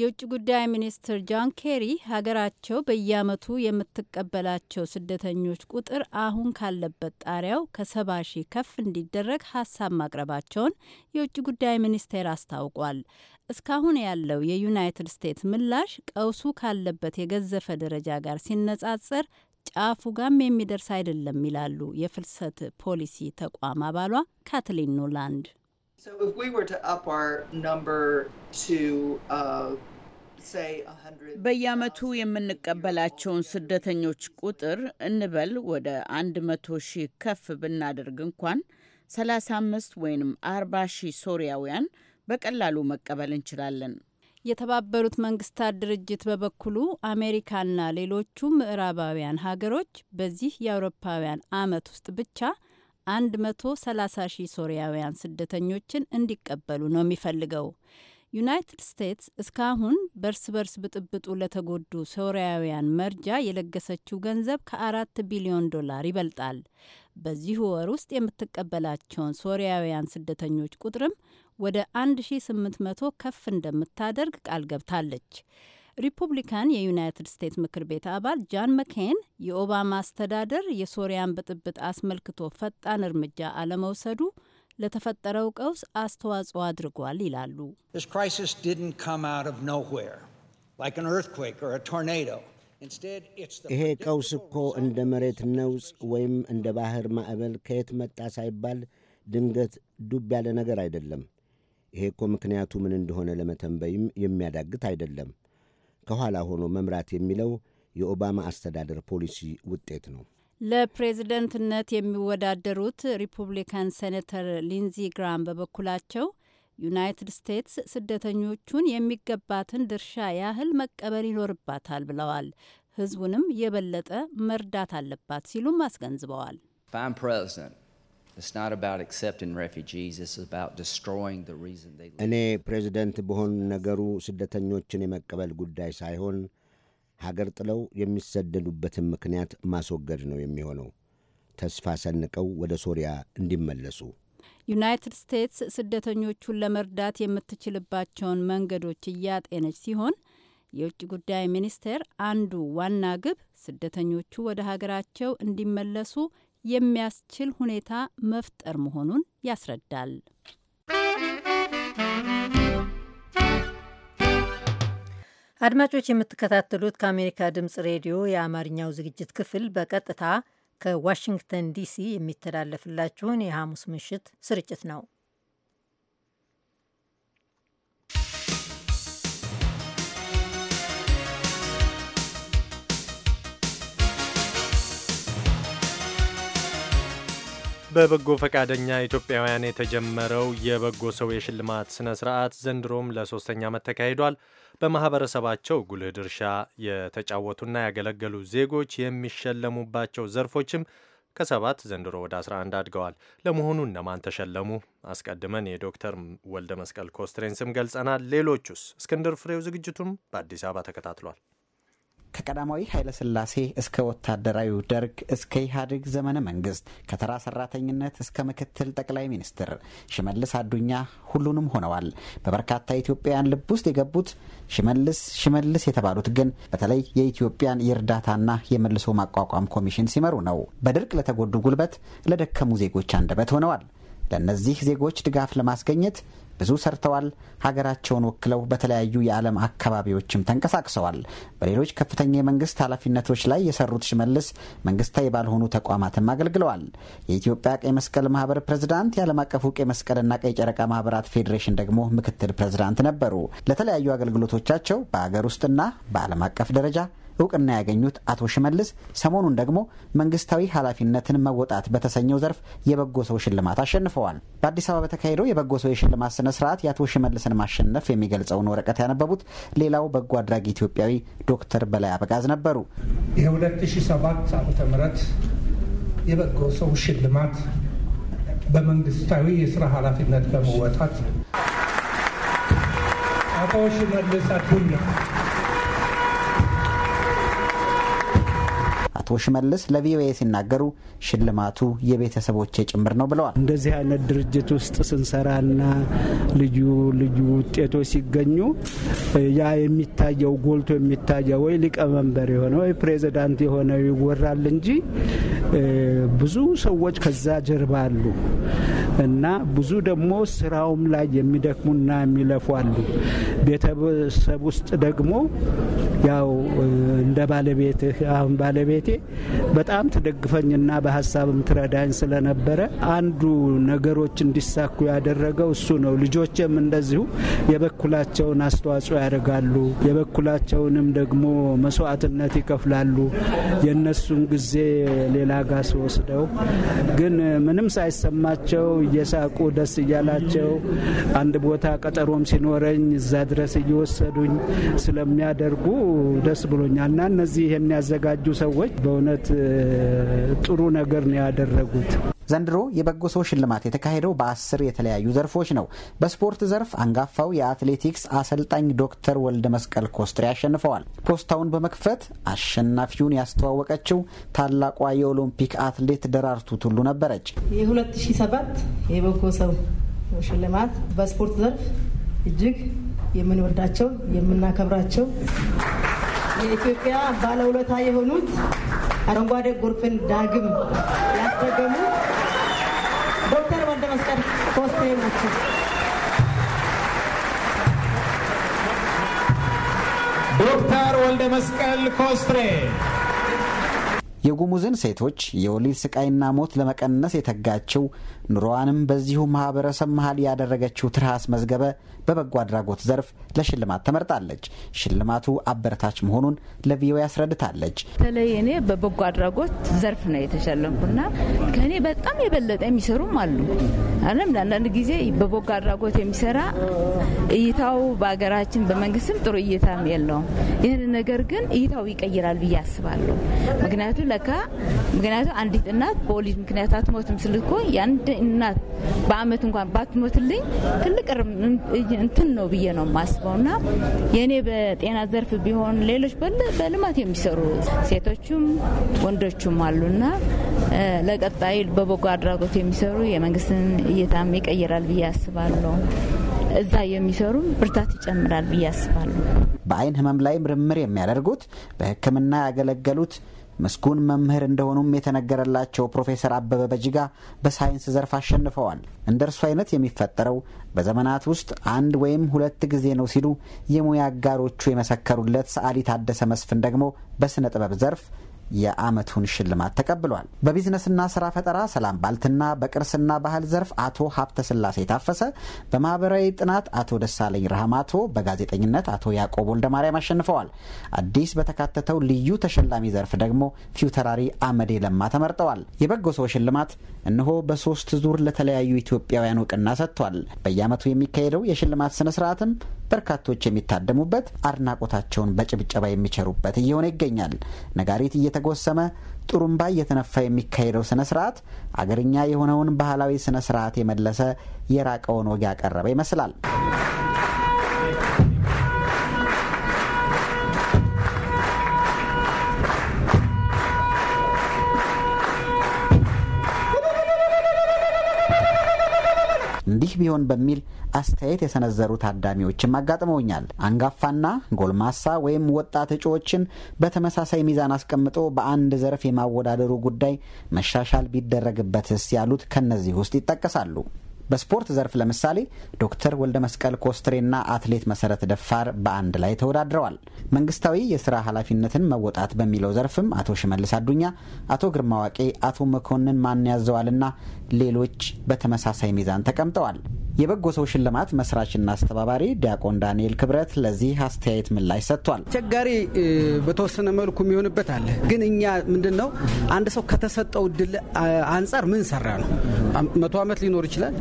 የውጭ ጉዳይ ሚኒስትር ጆን ኬሪ ሀገራቸው በየዓመቱ የምትቀበላቸው ስደተኞች ቁጥር አሁን ካለበት ጣሪያው ከሰባ ሺህ ከፍ እንዲደረግ ሀሳብ ማቅረባቸውን የውጭ ጉዳይ ሚኒስቴር አስታውቋል። እስካሁን ያለው የዩናይትድ ስቴትስ ምላሽ ቀውሱ ካለበት የገዘፈ ደረጃ ጋር ሲነጻጸር ጫፉ ጋም የሚደርስ አይደለም ይላሉ የፍልሰት ፖሊሲ ተቋም አባሏ ካትሊን ኖላንድ። uh, በየዓመቱ የምንቀበላቸውን ስደተኞች ቁጥር እንበል ወደ አንድ መቶ ሺህ ከፍ ብናደርግ እንኳን 35 ወይም 40 ሺህ ሶሪያውያን በቀላሉ መቀበል እንችላለን። የተባበሩት መንግስታት ድርጅት በበኩሉ አሜሪካና ሌሎቹ ምዕራባውያን ሀገሮች በዚህ የአውሮፓውያን አመት ውስጥ ብቻ 130 ሺህ ሶሪያውያን ስደተኞችን እንዲቀበሉ ነው የሚፈልገው። ዩናይትድ ስቴትስ እስካሁን በእርስ በርስ ብጥብጡ ለተጎዱ ሶሪያውያን መርጃ የለገሰችው ገንዘብ ከአራት ቢሊዮን ዶላር ይበልጣል። በዚሁ ወር ውስጥ የምትቀበላቸውን ሶሪያውያን ስደተኞች ቁጥርም ወደ 1800 ከፍ እንደምታደርግ ቃል ገብታለች። ሪፑብሊካን የዩናይትድ ስቴትስ ምክር ቤት አባል ጃን መኬን የኦባማ አስተዳደር የሶሪያን ብጥብጥ አስመልክቶ ፈጣን እርምጃ አለመውሰዱ ለተፈጠረው ቀውስ አስተዋጽኦ አድርጓል ይላሉ። ይሄ ቀውስ እኮ እንደ መሬት ነውጽ ወይም እንደ ባህር ማዕበል ከየት መጣ ሳይባል ድንገት ዱብ ያለ ነገር አይደለም። ይሄ እኮ ምክንያቱ ምን እንደሆነ ለመተንበይም የሚያዳግት አይደለም። ከኋላ ሆኖ መምራት የሚለው የኦባማ አስተዳደር ፖሊሲ ውጤት ነው። ለፕሬዝደንትነት የሚወዳደሩት ሪፑብሊካን ሴኔተር ሊንዚ ግራም በበኩላቸው ዩናይትድ ስቴትስ ስደተኞቹን የሚገባትን ድርሻ ያህል መቀበል ይኖርባታል ብለዋል። ህዝቡንም የበለጠ መርዳት አለባት ሲሉም አስገንዝበዋል። እኔ ፕሬዚደንት በሆን ነገሩ ስደተኞችን የመቀበል ጉዳይ ሳይሆን ሀገር ጥለው የሚሰደዱበትን ምክንያት ማስወገድ ነው የሚሆነው፣ ተስፋ ሰንቀው ወደ ሶሪያ እንዲመለሱ። ዩናይትድ ስቴትስ ስደተኞቹን ለመርዳት የምትችልባቸውን መንገዶች እያጤነች ሲሆን የውጭ ጉዳይ ሚኒስቴር አንዱ ዋና ግብ ስደተኞቹ ወደ ሀገራቸው እንዲመለሱ የሚያስችል ሁኔታ መፍጠር መሆኑን ያስረዳል። አድማጮች የምትከታተሉት ከአሜሪካ ድምፅ ሬዲዮ የአማርኛው ዝግጅት ክፍል በቀጥታ ከዋሽንግተን ዲሲ የሚተላለፍላችሁን የሐሙስ ምሽት ስርጭት ነው። በበጎ ፈቃደኛ ኢትዮጵያውያን የተጀመረው የበጎ ሰው የሽልማት ስነ ስርዓት ዘንድሮም ለሶስተኛ ዓመት ተካሂዷል። በማህበረሰባቸው ጉልህ ድርሻ የተጫወቱና ያገለገሉ ዜጎች የሚሸለሙባቸው ዘርፎችም ከሰባት ዘንድሮ ወደ 11 አድገዋል። ለመሆኑ እነማን ተሸለሙ? አስቀድመን የዶክተር ወልደ መስቀል ኮስትሬን ስም ገልጸናል። ሌሎቹስ? እስክንድር ፍሬው ዝግጅቱን በአዲስ አበባ ተከታትሏል። ከቀዳማዊ ኃይለሥላሴ እስከ ወታደራዊ ደርግ እስከ ኢህአዴግ ዘመነ መንግስት ከተራ ሰራተኝነት እስከ ምክትል ጠቅላይ ሚኒስትር ሽመልስ አዱኛ ሁሉንም ሆነዋል። በበርካታ ኢትዮጵያውያን ልብ ውስጥ የገቡት ሽመልስ ሽመልስ የተባሉት ግን በተለይ የኢትዮጵያን የእርዳታና የመልሶ ማቋቋም ኮሚሽን ሲመሩ ነው። በድርቅ ለተጎዱ ጉልበት፣ ለደከሙ ዜጎች አንደበት ሆነዋል። ለእነዚህ ዜጎች ድጋፍ ለማስገኘት ብዙ ሰርተዋል። ሀገራቸውን ወክለው በተለያዩ የዓለም አካባቢዎችም ተንቀሳቅሰዋል። በሌሎች ከፍተኛ የመንግስት ኃላፊነቶች ላይ የሰሩት ሽመልስ መንግስታዊ ባልሆኑ ተቋማትም አገልግለዋል። የኢትዮጵያ ቀይ መስቀል ማህበር ፕሬዝዳንት፣ የዓለም አቀፉ ቀይ መስቀልና ቀይ ጨረቃ ማህበራት ፌዴሬሽን ደግሞ ምክትል ፕሬዝዳንት ነበሩ። ለተለያዩ አገልግሎቶቻቸው በአገር ውስጥና በዓለም አቀፍ ደረጃ እውቅና ያገኙት አቶ ሽመልስ ሰሞኑን ደግሞ መንግስታዊ ኃላፊነትን መወጣት በተሰኘው ዘርፍ የበጎ ሰው ሽልማት አሸንፈዋል። በአዲስ አበባ በተካሄደው የበጎ ሰው የሽልማት ስነ ስርዓት የአቶ ሽመልስን ማሸነፍ የሚገልጸውን ወረቀት ያነበቡት ሌላው በጎ አድራጊ ኢትዮጵያዊ ዶክተር በላይ አበጋዝ ነበሩ። የ2007 ዓ ም የበጎ ሰው ሽልማት በመንግስታዊ የስራ ኃላፊነት በመወጣት አቶ ሽመልስ አዱኛ አቶ ሽመልስ ለቪኦኤ ሲናገሩ ሽልማቱ የቤተሰቦቼ ጭምር ነው ብለዋል። እንደዚህ አይነት ድርጅት ውስጥ ስንሰራና ልዩ ልዩ ውጤቶች ሲገኙ ያ የሚታየው ጎልቶ የሚታየው ወይ ሊቀመንበር የሆነ ወይ ፕሬዚዳንት የሆነ ይወራል እንጂ ብዙ ሰዎች ከዛ ጀርባ አሉ እና ብዙ ደግሞ ስራውም ላይ የሚደክሙና የሚለፉ አሉ። ቤተሰብ ውስጥ ደግሞ ያው እንደ ባለቤትህ አሁን ባለቤቴ በጣም ትደግፈኝና በሀሳብም ትረዳኝ ስለነበረ አንዱ ነገሮች እንዲሳኩ ያደረገው እሱ ነው። ልጆችም እንደዚሁ የበኩላቸውን አስተዋጽኦ ያደርጋሉ፣ የበኩላቸውንም ደግሞ መስዋዕትነት ይከፍላሉ። የእነሱን ጊዜ ሌላ ጋር ሲወስደው ግን ምንም ሳይሰማቸው እየሳቁ ደስ እያላቸው አንድ ቦታ ቀጠሮም ሲኖረኝ እዛ ድረስ እየወሰዱኝ ስለሚያደርጉ ደስ ብሎኛል እና እነዚህ ይህን ያዘጋጁ ሰዎች በእውነት ጥሩ ነገር ነው ያደረጉት። ዘንድሮ የበጎ ሰው ሽልማት የተካሄደው በአስር የተለያዩ ዘርፎች ነው። በስፖርት ዘርፍ አንጋፋው የአትሌቲክስ አሰልጣኝ ዶክተር ወልደ መስቀል ኮስትሬ አሸንፈዋል። ፖስታውን በመክፈት አሸናፊውን ያስተዋወቀችው ታላቋ የኦሎምፒክ አትሌት ደራርቱ ቱሉ ነበረች። የ2007 የበጎ ሰው ሽልማት በስፖርት ዘርፍ እጅግ የምንወዳቸው የምናከብራቸው የኢትዮጵያ ባለውለታ የሆኑት አረንጓዴ ጎርፍን ዳግም ያስደገሙ ዶክተር መስቀል ኮስቴ ናቸው። ዶክተር ወልደ መስቀል ኮስትሬ የጉሙዝን ሴቶች የወሊድ ስቃይና ሞት ለመቀነስ የተጋቸው ኑሮዋንም በዚሁ ማህበረሰብ መሀል ያደረገችው ትርሃስ መዝገበ በበጎ አድራጎት ዘርፍ ለሽልማት ተመርጣለች። ሽልማቱ አበረታች መሆኑን ለቪኦኤ ያስረድታለች። በተለይ እኔ በበጎ አድራጎት ዘርፍ ነው የተሸለምኩና ከእኔ በጣም የበለጠ የሚሰሩም አሉ። አለም ለአንዳንድ ጊዜ በበጎ አድራጎት የሚሰራ እይታው በሀገራችን በመንግስትም ጥሩ እይታም የለውም። ይህን ነገር ግን እይታው ይቀይራል ብዬ አስባለሁ። ምክንያቱ ለካ ምክንያቱ አንዲት እናት በወሊድ ምክንያት አትሞትም ስልኮ እናት በአመት እንኳን ባትሞትልኝ ትልቅ እንትን ነው ብዬ ነው የማስበው። እና የእኔ በጤና ዘርፍ ቢሆን ሌሎች በልማት የሚሰሩ ሴቶችም ወንዶችም አሉና ለቀጣይ በበጎ አድራጎት የሚሰሩ የመንግስትን እይታም ይቀይራል ብዬ አስባለሁ። እዛ የሚሰሩ ብርታት ይጨምራል ብዬ አስባለሁ። በአይን ህመም ላይ ምርምር የሚያደርጉት በህክምና ያገለገሉት መስኩን መምህር እንደሆኑም የተነገረላቸው ፕሮፌሰር አበበ በጅጋ በሳይንስ ዘርፍ አሸንፈዋል። እንደ እርሱ አይነት የሚፈጠረው በዘመናት ውስጥ አንድ ወይም ሁለት ጊዜ ነው ሲሉ የሙያ አጋሮቹ የመሰከሩለት ሰዓሊ ታደሰ መስፍን ደግሞ በሥነ ጥበብ ዘርፍ የአመቱን ሽልማት ተቀብሏል። በቢዝነስና ስራ ፈጠራ፣ ሰላም ባልትና በቅርስና ባህል ዘርፍ አቶ ሀብተ ስላሴ ታፈሰ፣ በማህበራዊ ጥናት አቶ ደሳለኝ ረህማቶ፣ በጋዜጠኝነት አቶ ያዕቆብ ወልደማርያም አሸንፈዋል። አዲስ በተካተተው ልዩ ተሸላሚ ዘርፍ ደግሞ ፊውተራሪ አመዴ ለማ ተመርጠዋል። የበጎ ሰው ሽልማት እነሆ በሶስት ዙር ለተለያዩ ኢትዮጵያውያን እውቅና ሰጥቷል። በየአመቱ የሚካሄደው የሽልማት ስነ ስርዓትም በርካቶች የሚታደሙበት፣ አድናቆታቸውን በጭብጨባ የሚቸሩበት እየሆነ ይገኛል። ነጋሪት እየተጎሰመ ጥሩምባ እየተነፋ የሚካሄደው ስነ ስርዓት አገርኛ የሆነውን ባህላዊ ስነ ስርዓት የመለሰ የራቀውን ወግ ያቀረበ ይመስላል። እንዲህ ቢሆን በሚል አስተያየት የሰነዘሩ ታዳሚዎችም አጋጥመውኛል። አንጋፋና ጎልማሳ ወይም ወጣት እጩዎችን በተመሳሳይ ሚዛን አስቀምጦ በአንድ ዘርፍ የማወዳደሩ ጉዳይ መሻሻል ቢደረግበትስ ያሉት ከነዚህ ውስጥ ይጠቀሳሉ። በስፖርት ዘርፍ ለምሳሌ ዶክተር ወልደ መስቀል ኮስትሬና አትሌት መሰረት ደፋር በአንድ ላይ ተወዳድረዋል። መንግስታዊ የስራ ኃላፊነትን መወጣት በሚለው ዘርፍም አቶ ሽመልስ አዱኛ፣ አቶ ግርማ ዋቄ፣ አቶ መኮንን ማን ያዘዋልና ሌሎች በተመሳሳይ ሚዛን ተቀምጠዋል። የበጎ ሰው ሽልማት መስራችና አስተባባሪ ዲያቆን ዳንኤል ክብረት ለዚህ አስተያየት ምላሽ ሰጥቷል። አስቸጋሪ በተወሰነ መልኩ የሚሆንበት አለ። ግን እኛ ምንድን ነው አንድ ሰው ከተሰጠው ድል አንጻር ምን ሰራ ነው። መቶ ዓመት ሊኖር ይችላል፣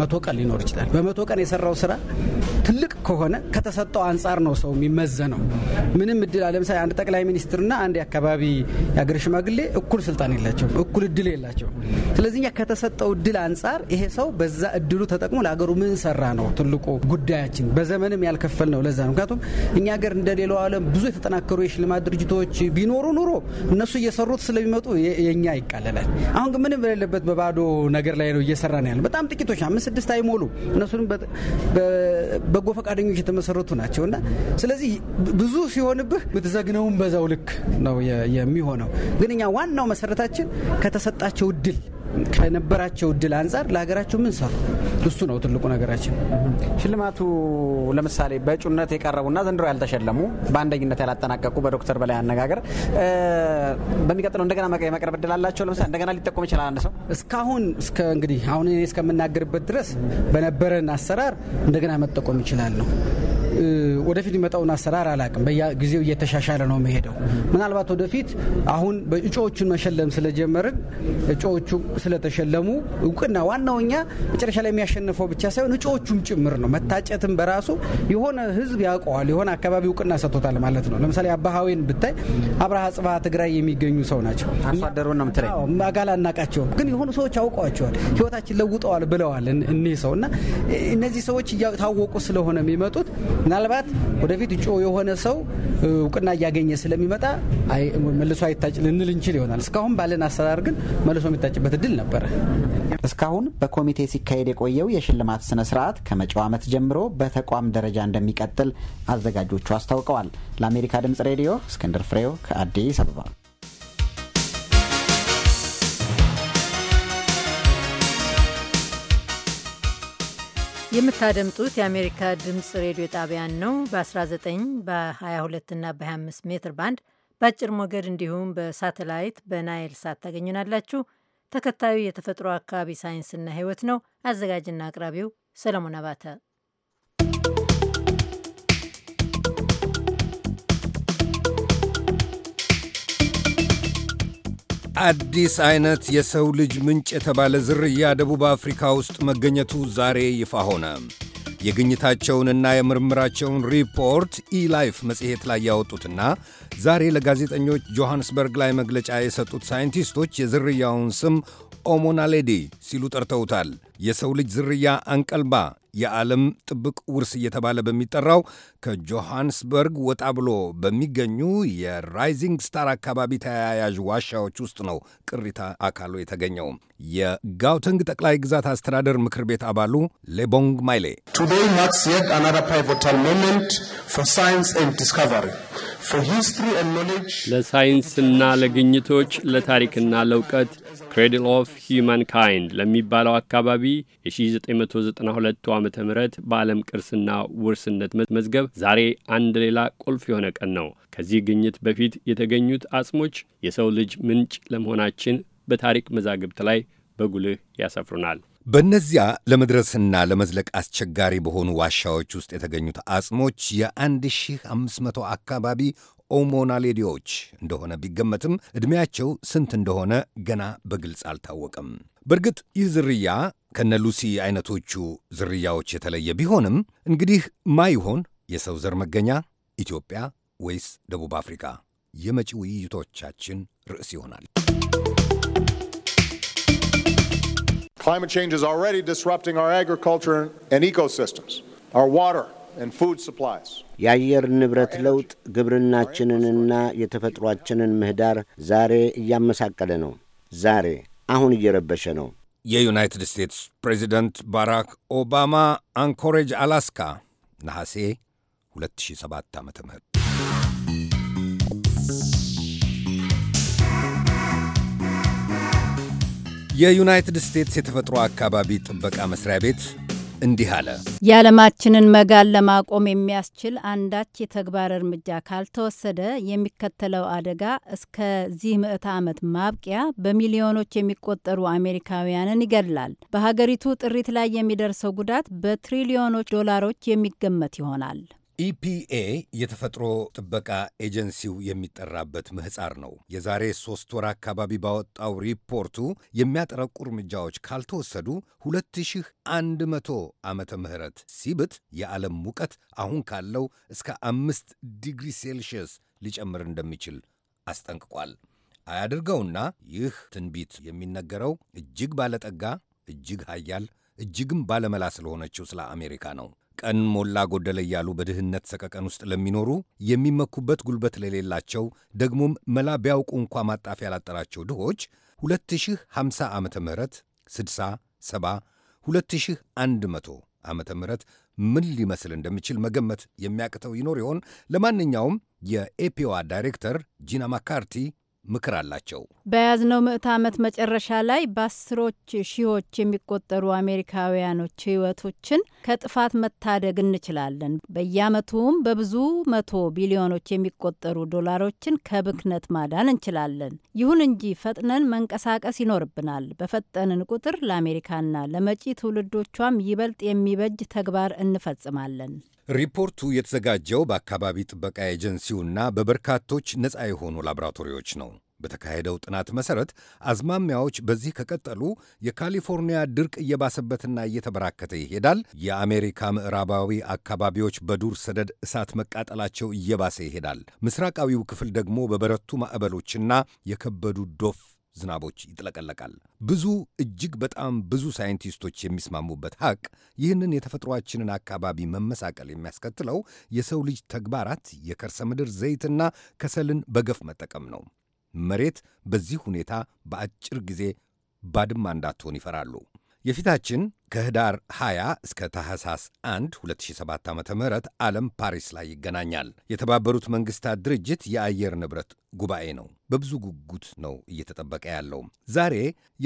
መቶ ቀን ሊኖር ይችላል። በመቶ ቀን የሰራው ስራ ትልቅ ከሆነ ከተሰጠው አንጻር ነው ሰው የሚመዘነው። ምንም እድል ለምሳሌ አንድ ጠቅላይ ሚኒስትርና አንድ የአካባቢ የአገር ሽማግሌ እኩል ስልጣን የላቸው፣ እኩል እድል የላቸው። ስለዚህ ከተሰጠው እድል አንጻር ይሄ ሰው በዛ እድሉ ተጠቅሞ ለሀገሩ ምን ሰራ ነው ትልቁ ጉዳያችን። በዘመንም ያልከፈል ነው ለዛ ነው። ምክንያቱም እኛ ሀገር እንደ ሌላው ዓለም ብዙ የተጠናከሩ የሽልማት ድርጅቶች ቢኖሩ ኑሮ እነሱ እየሰሩት ስለሚመጡ የእኛ ይቃለላል። አሁን ግን ምንም በሌለበት በባዶ ነገር ላይ ነው እየሰራ ነው ያለ በጣም በጣም ጥቂቶች አምስት ስድስት አይሞሉ እነሱንም በጎ ፈቃደኞች የተመሰረቱ ናቸው እና ስለዚህ ብዙ ሲሆንብህ ምትዘግነውን በዛው ልክ ነው የሚሆነው። ግን እኛ ዋናው መሰረታችን ከተሰጣቸው እድል ከነበራቸው እድል አንጻር ለሀገራቸው ምን ሰሩ? እሱ ነው ትልቁ ነገራችን። ሽልማቱ ለምሳሌ በእጩነት የቀረቡና ዘንድሮ ያልተሸለሙ በአንደኝነት ያላጠናቀቁ በዶክተር በላይ አነጋገር በሚቀጥለው እንደገና የመቅረብ እድል አላቸው። ለምሳሌ እንደገና ሊጠቆም ይችላል አንድ ሰው እስካሁን እስከ እንግዲህ አሁን እኔ እስከምናገርበት ድረስ በነበረን አሰራር እንደገና መጠቆም ይችላል ነው ወደፊት የሚመጣውን አሰራር አላቅም። በየጊዜው እየተሻሻለ ነው የሚሄደው። ምናልባት ወደፊት አሁን እጩዎቹን መሸለም ስለጀመርን እጩዎቹ ስለተሸለሙ እውቅና ዋናው እኛ መጨረሻ ላይ የሚያሸንፈው ብቻ ሳይሆን እጩዎቹም ጭምር ነው። መታጨትም በራሱ የሆነ ህዝብ ያውቀዋል፣ የሆነ አካባቢ እውቅና ሰጥቶታል ማለት ነው። ለምሳሌ አባሃዌን ብታይ አብርሃ ጽባ ትግራይ የሚገኙ ሰው ናቸው። አርሶአደሩን ነው አጋላ አናቃቸውም፣ ግን የሆኑ ሰዎች አውቀዋቸዋል፣ ህይወታችን ለውጠዋል ብለዋል እኒህ ሰው እና እነዚህ ሰዎች እያታወቁ ስለሆነ የሚመጡት ምናልባት ወደፊት እጩ የሆነ ሰው እውቅና እያገኘ ስለሚመጣ መልሶ አይታጭ ልንል እንችል ይሆናል። እስካሁን ባለን አሰራር ግን መልሶ የሚታጭበት እድል ነበረ። እስካሁን በኮሚቴ ሲካሄድ የቆየው የሽልማት ስነ ስርዓት ከመጪው ዓመት ጀምሮ በተቋም ደረጃ እንደሚቀጥል አዘጋጆቹ አስታውቀዋል። ለአሜሪካ ድምጽ ሬዲዮ እስክንድር ፍሬው ከአዲስ አበባ የምታደምጡት የአሜሪካ ድምፅ ሬዲዮ ጣቢያን ነው። በ19 በ22 እና በ25 ሜትር ባንድ በአጭር ሞገድ እንዲሁም በሳተላይት በናይል ሳት ታገኙናላችሁ። ተከታዩ የተፈጥሮ አካባቢ ሳይንስና ሕይወት ነው። አዘጋጅና አቅራቢው ሰለሞን አባተ አዲስ አይነት የሰው ልጅ ምንጭ የተባለ ዝርያ ደቡብ አፍሪካ ውስጥ መገኘቱ ዛሬ ይፋ ሆነ። የግኝታቸውንና የምርምራቸውን ሪፖርት ኢላይፍ መጽሔት ላይ ያወጡትና ዛሬ ለጋዜጠኞች ጆሐንስበርግ ላይ መግለጫ የሰጡት ሳይንቲስቶች የዝርያውን ስም ኦሞናሌዲ ሲሉ ጠርተውታል። የሰው ልጅ ዝርያ አንቀልባ የዓለም ጥብቅ ውርስ እየተባለ በሚጠራው ከጆሃንስበርግ ወጣ ብሎ በሚገኙ የራይዚንግ ስታር አካባቢ ተያያዥ ዋሻዎች ውስጥ ነው ቅሪታ አካሉ የተገኘው። የጋውተንግ ጠቅላይ ግዛት አስተዳደር ምክር ቤት አባሉ ሌቦንግ ማይሌ ለሳይንስና ለግኝቶች ለታሪክና ለእውቀት ክሬድል ኦፍ ሂውማን ካይንድ ለሚባለው አካባቢ የ1992 ዓ ም በዓለም ቅርስና ውርስነት መዝገብ ዛሬ አንድ ሌላ ቁልፍ የሆነ ቀን ነው። ከዚህ ግኝት በፊት የተገኙት አጽሞች የሰው ልጅ ምንጭ ለመሆናችን በታሪክ መዛግብት ላይ በጉልህ ያሰፍሩናል። በእነዚያ ለመድረስና ለመዝለቅ አስቸጋሪ በሆኑ ዋሻዎች ውስጥ የተገኙት አጽሞች የ1500 አካባቢ ኦሞናሌዲዎች እንደሆነ ቢገመትም ዕድሜያቸው ስንት እንደሆነ ገና በግልጽ አልታወቀም። በእርግጥ ይህ ዝርያ ከነ ሉሲ አይነቶቹ ዝርያዎች የተለየ ቢሆንም እንግዲህ ማ ይሆን የሰው ዘር መገኛ ኢትዮጵያ ወይስ ደቡብ አፍሪካ የመጪ ውይይቶቻችን ርዕስ ይሆናል። Climate change is already disrupting our agriculture and ecosystems, our water. የአየር ንብረት ለውጥ ግብርናችንንና የተፈጥሯችንን ምህዳር ዛሬ እያመሳቀለ ነው። ዛሬ አሁን እየረበሸ ነው። የዩናይትድ ስቴትስ ፕሬዚደንት ባራክ ኦባማ አንኮሬጅ አላስካ ነሐሴ 2007 ዓ ም የዩናይትድ ስቴትስ የተፈጥሮ አካባቢ ጥበቃ መስሪያ ቤት እንዲህ አለ። የዓለማችንን መጋን ለማቆም የሚያስችል አንዳች የተግባር እርምጃ ካልተወሰደ የሚከተለው አደጋ እስከዚህ ምዕተ ዓመት ማብቂያ በሚሊዮኖች የሚቆጠሩ አሜሪካውያንን ይገድላል። በሀገሪቱ ጥሪት ላይ የሚደርሰው ጉዳት በትሪሊዮኖች ዶላሮች የሚገመት ይሆናል። ኢፒኤ የተፈጥሮ ጥበቃ ኤጀንሲው የሚጠራበት ምህፃር ነው። የዛሬ ሶስት ወር አካባቢ ባወጣው ሪፖርቱ የሚያጠረቁ እርምጃዎች ካልተወሰዱ 2100 ዓመተ ምህረት ሲብት የዓለም ሙቀት አሁን ካለው እስከ አምስት ዲግሪ ሴልሺየስ ሊጨምር እንደሚችል አስጠንቅቋል። አያድርገውና ይህ ትንቢት የሚነገረው እጅግ ባለጠጋ፣ እጅግ ሀያል፣ እጅግም ባለመላ ስለሆነችው ስለ አሜሪካ ነው። ቀን ሞላ ጎደለ እያሉ በድህነት ሰቀቀን ውስጥ ለሚኖሩ የሚመኩበት ጉልበት ለሌላቸው ደግሞም መላ ቢያውቁ እንኳ ማጣፊ ያላጠራቸው ድሆች 2050 ዓ ም 60 70 2100 ዓ ም ምን ሊመስል እንደሚችል መገመት የሚያቅተው ይኖር ይሆን? ለማንኛውም የኤፒዋ ዳይሬክተር ጂና ማካርቲ ምክር አላቸው። በያዝነው ምዕተ ዓመት መጨረሻ ላይ በአስሮች ሺዎች የሚቆጠሩ አሜሪካውያኖች ህይወቶችን ከጥፋት መታደግ እንችላለን። በየዓመቱም በብዙ መቶ ቢሊዮኖች የሚቆጠሩ ዶላሮችን ከብክነት ማዳን እንችላለን። ይሁን እንጂ ፈጥነን መንቀሳቀስ ይኖርብናል። በፈጠንን ቁጥር ለአሜሪካና ለመጪ ትውልዶቿም ይበልጥ የሚበጅ ተግባር እንፈጽማለን። ሪፖርቱ የተዘጋጀው በአካባቢ ጥበቃ ኤጀንሲውና በበርካቶች ነፃ የሆኑ ላብራቶሪዎች ነው። በተካሄደው ጥናት መሠረት አዝማሚያዎች በዚህ ከቀጠሉ የካሊፎርኒያ ድርቅ እየባሰበትና እየተበራከተ ይሄዳል። የአሜሪካ ምዕራባዊ አካባቢዎች በዱር ሰደድ እሳት መቃጠላቸው እየባሰ ይሄዳል። ምስራቃዊው ክፍል ደግሞ በበረቱ ማዕበሎችና የከበዱ ዶፍ ዝናቦች ይጥለቀለቃል። ብዙ እጅግ በጣም ብዙ ሳይንቲስቶች የሚስማሙበት ሀቅ ይህንን የተፈጥሯችንን አካባቢ መመሳቀል የሚያስከትለው የሰው ልጅ ተግባራት የከርሰ ምድር ዘይትና ከሰልን በገፍ መጠቀም ነው። መሬት በዚህ ሁኔታ በአጭር ጊዜ ባድማ እንዳትሆን ይፈራሉ። የፊታችን ከህዳር 20 እስከ ታህሳስ 1 2007 ዓ ም ዓለም ፓሪስ ላይ ይገናኛል። የተባበሩት መንግስታት ድርጅት የአየር ንብረት ጉባኤ ነው። በብዙ ጉጉት ነው እየተጠበቀ ያለው። ዛሬ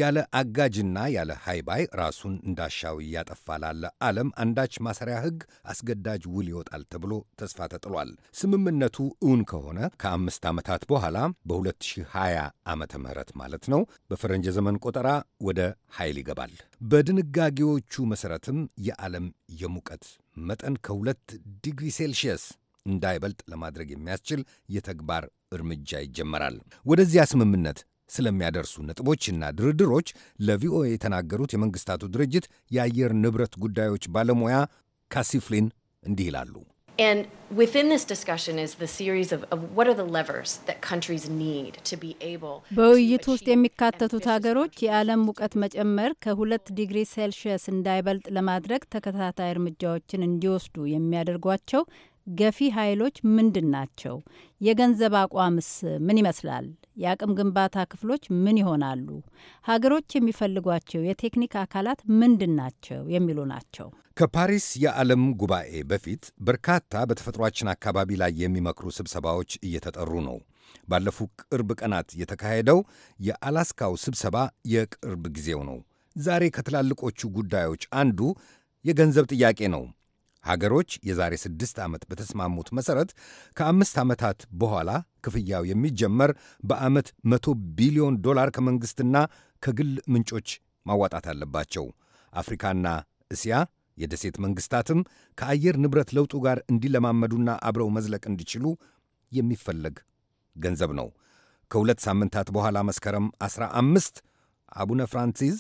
ያለ አጋጅና ያለ ሃይባይ ራሱን እንዳሻው እያጠፋ ላለ ዓለም አንዳች ማሰሪያ ሕግ አስገዳጅ ውል ይወጣል ተብሎ ተስፋ ተጥሏል። ስምምነቱ እውን ከሆነ ከአምስት ዓመታት በኋላ በ2020 ዓ ም ማለት ነው በፈረንጀ ዘመን ቆጠራ ወደ ኃይል ይገባል። በድንጋጌው በመርሆዎቹ መሠረትም የዓለም የሙቀት መጠን ከሁለት ዲግሪ ሴልሺየስ እንዳይበልጥ ለማድረግ የሚያስችል የተግባር እርምጃ ይጀመራል። ወደዚያ ስምምነት ስለሚያደርሱ ነጥቦችና ድርድሮች ለቪኦኤ የተናገሩት የመንግሥታቱ ድርጅት የአየር ንብረት ጉዳዮች ባለሙያ ካሲፍሊን እንዲህ ይላሉ። And within this discussion is the series of, of what are the levers that countries need to be able በውይይት ውስጥ የሚካተቱት ሀገሮች የዓለም ሙቀት መጨመር ከሁለት ዲግሪ ሴልሺየስ እንዳይበልጥ ለማድረግ ተከታታይ እርምጃዎችን እንዲወስዱ የሚያደርጓቸው ገፊ ኃይሎች ምንድን ናቸው? የገንዘብ አቋምስ ምን ይመስላል? የአቅም ግንባታ ክፍሎች ምን ይሆናሉ፣ ሀገሮች የሚፈልጓቸው የቴክኒክ አካላት ምንድን ናቸው የሚሉ ናቸው። ከፓሪስ የዓለም ጉባኤ በፊት በርካታ በተፈጥሯችን አካባቢ ላይ የሚመክሩ ስብሰባዎች እየተጠሩ ነው። ባለፉ ቅርብ ቀናት የተካሄደው የአላስካው ስብሰባ የቅርብ ጊዜው ነው። ዛሬ ከትላልቆቹ ጉዳዮች አንዱ የገንዘብ ጥያቄ ነው። ሀገሮች የዛሬ ስድስት ዓመት በተስማሙት መሠረት ከአምስት ዓመታት በኋላ ክፍያው የሚጀመር በዓመት መቶ ቢሊዮን ዶላር ከመንግሥትና ከግል ምንጮች ማዋጣት አለባቸው። አፍሪካና እስያ የደሴት መንግሥታትም ከአየር ንብረት ለውጡ ጋር እንዲለማመዱና አብረው መዝለቅ እንዲችሉ የሚፈለግ ገንዘብ ነው። ከሁለት ሳምንታት በኋላ መስከረም 15 አቡነ ፍራንሲስ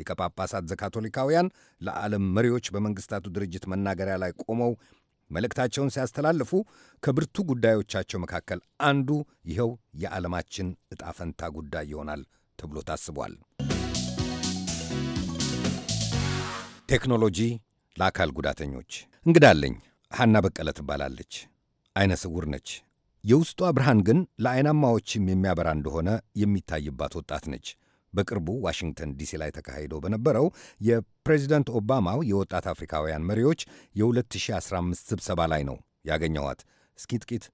ሊቀ ጳጳሳት ዘካቶሊካውያን ለዓለም መሪዎች በመንግስታቱ ድርጅት መናገሪያ ላይ ቆመው መልእክታቸውን ሲያስተላልፉ ከብርቱ ጉዳዮቻቸው መካከል አንዱ ይኸው የዓለማችን ዕጣ ፈንታ ጉዳይ ይሆናል ተብሎ ታስቧል። ቴክኖሎጂ ለአካል ጉዳተኞች እንግዳለኝ ሐና በቀለ ትባላለች። ዐይነ ስውር ነች። የውስጧ ብርሃን ግን ለአይናማዎችም የሚያበራ እንደሆነ የሚታይባት ወጣት ነች። በቅርቡ ዋሽንግተን ዲሲ ላይ ተካሂዶ በነበረው የፕሬዚደንት ኦባማው የወጣት አፍሪካውያን መሪዎች የ2015 ስብሰባ ላይ ነው ያገኘኋት። እስኪ ጥቂት